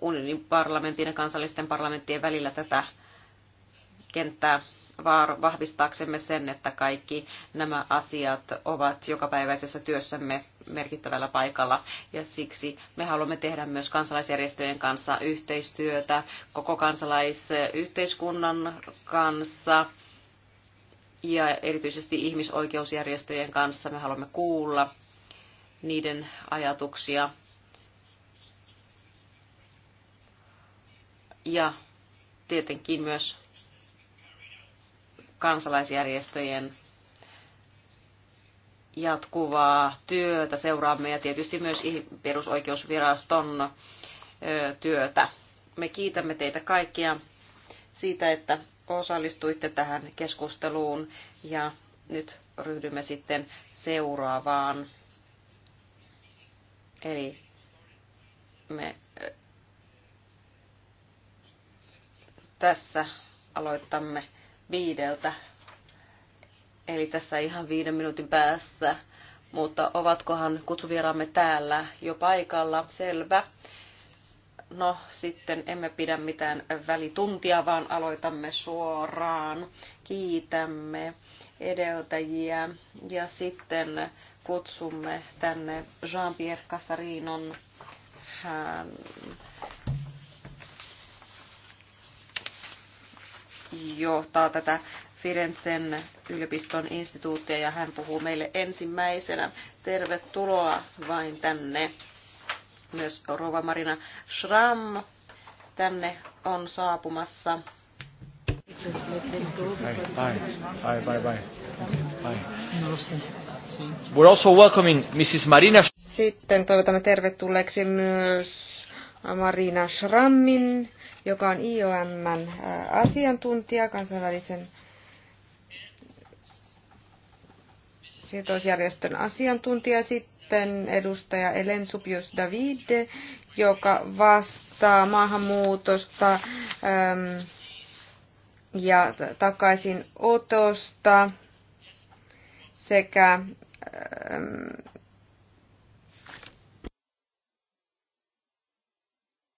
unionin parlamentin ja kansallisten parlamenttien välillä tätä kenttää vahvistaaksemme sen, että kaikki nämä asiat ovat jokapäiväisessä työssämme merkittävällä paikalla. Ja siksi me haluamme tehdä myös kansalaisjärjestöjen kanssa yhteistyötä, koko kansalaisyhteiskunnan kanssa ja erityisesti ihmisoikeusjärjestöjen kanssa me haluamme kuulla niiden ajatuksia. Ja tietenkin myös kansalaisjärjestöjen jatkuvaa työtä seuraamme ja tietysti myös perusoikeusviraston työtä. Me kiitämme teitä kaikkia siitä, että osallistuitte tähän keskusteluun ja nyt ryhdymme sitten seuraavaan Eli me tässä aloitamme viideltä, eli tässä ihan viiden minuutin päässä Mutta ovatkohan kutsuvieraamme täällä jo paikalla? Selvä. No sitten emme pidä mitään välituntia, vaan aloitamme suoraan. Kiitämme edeltäjiä ja sitten kutsumme tänne Jean-Pierre Casarinon. Hän johtaa tätä Firenzen yliopiston instituuttia ja hän puhuu meille ensimmäisenä. Tervetuloa vain tänne. Myös Rova Marina Schramm tänne on saapumassa. Bye, bye, bye, bye, bye. bye. No We're also welcoming Mrs. Marina. Sitten toivotamme tervetulleeksi myös Marina Schrammin, joka on IOMn äh, asiantuntija kansainvälisen sijoitusjärjestön asiantuntija. Sitten edustaja Elen Supius Davide, joka vastaa maahanmuutosta ähm, ja takaisin otosta sekä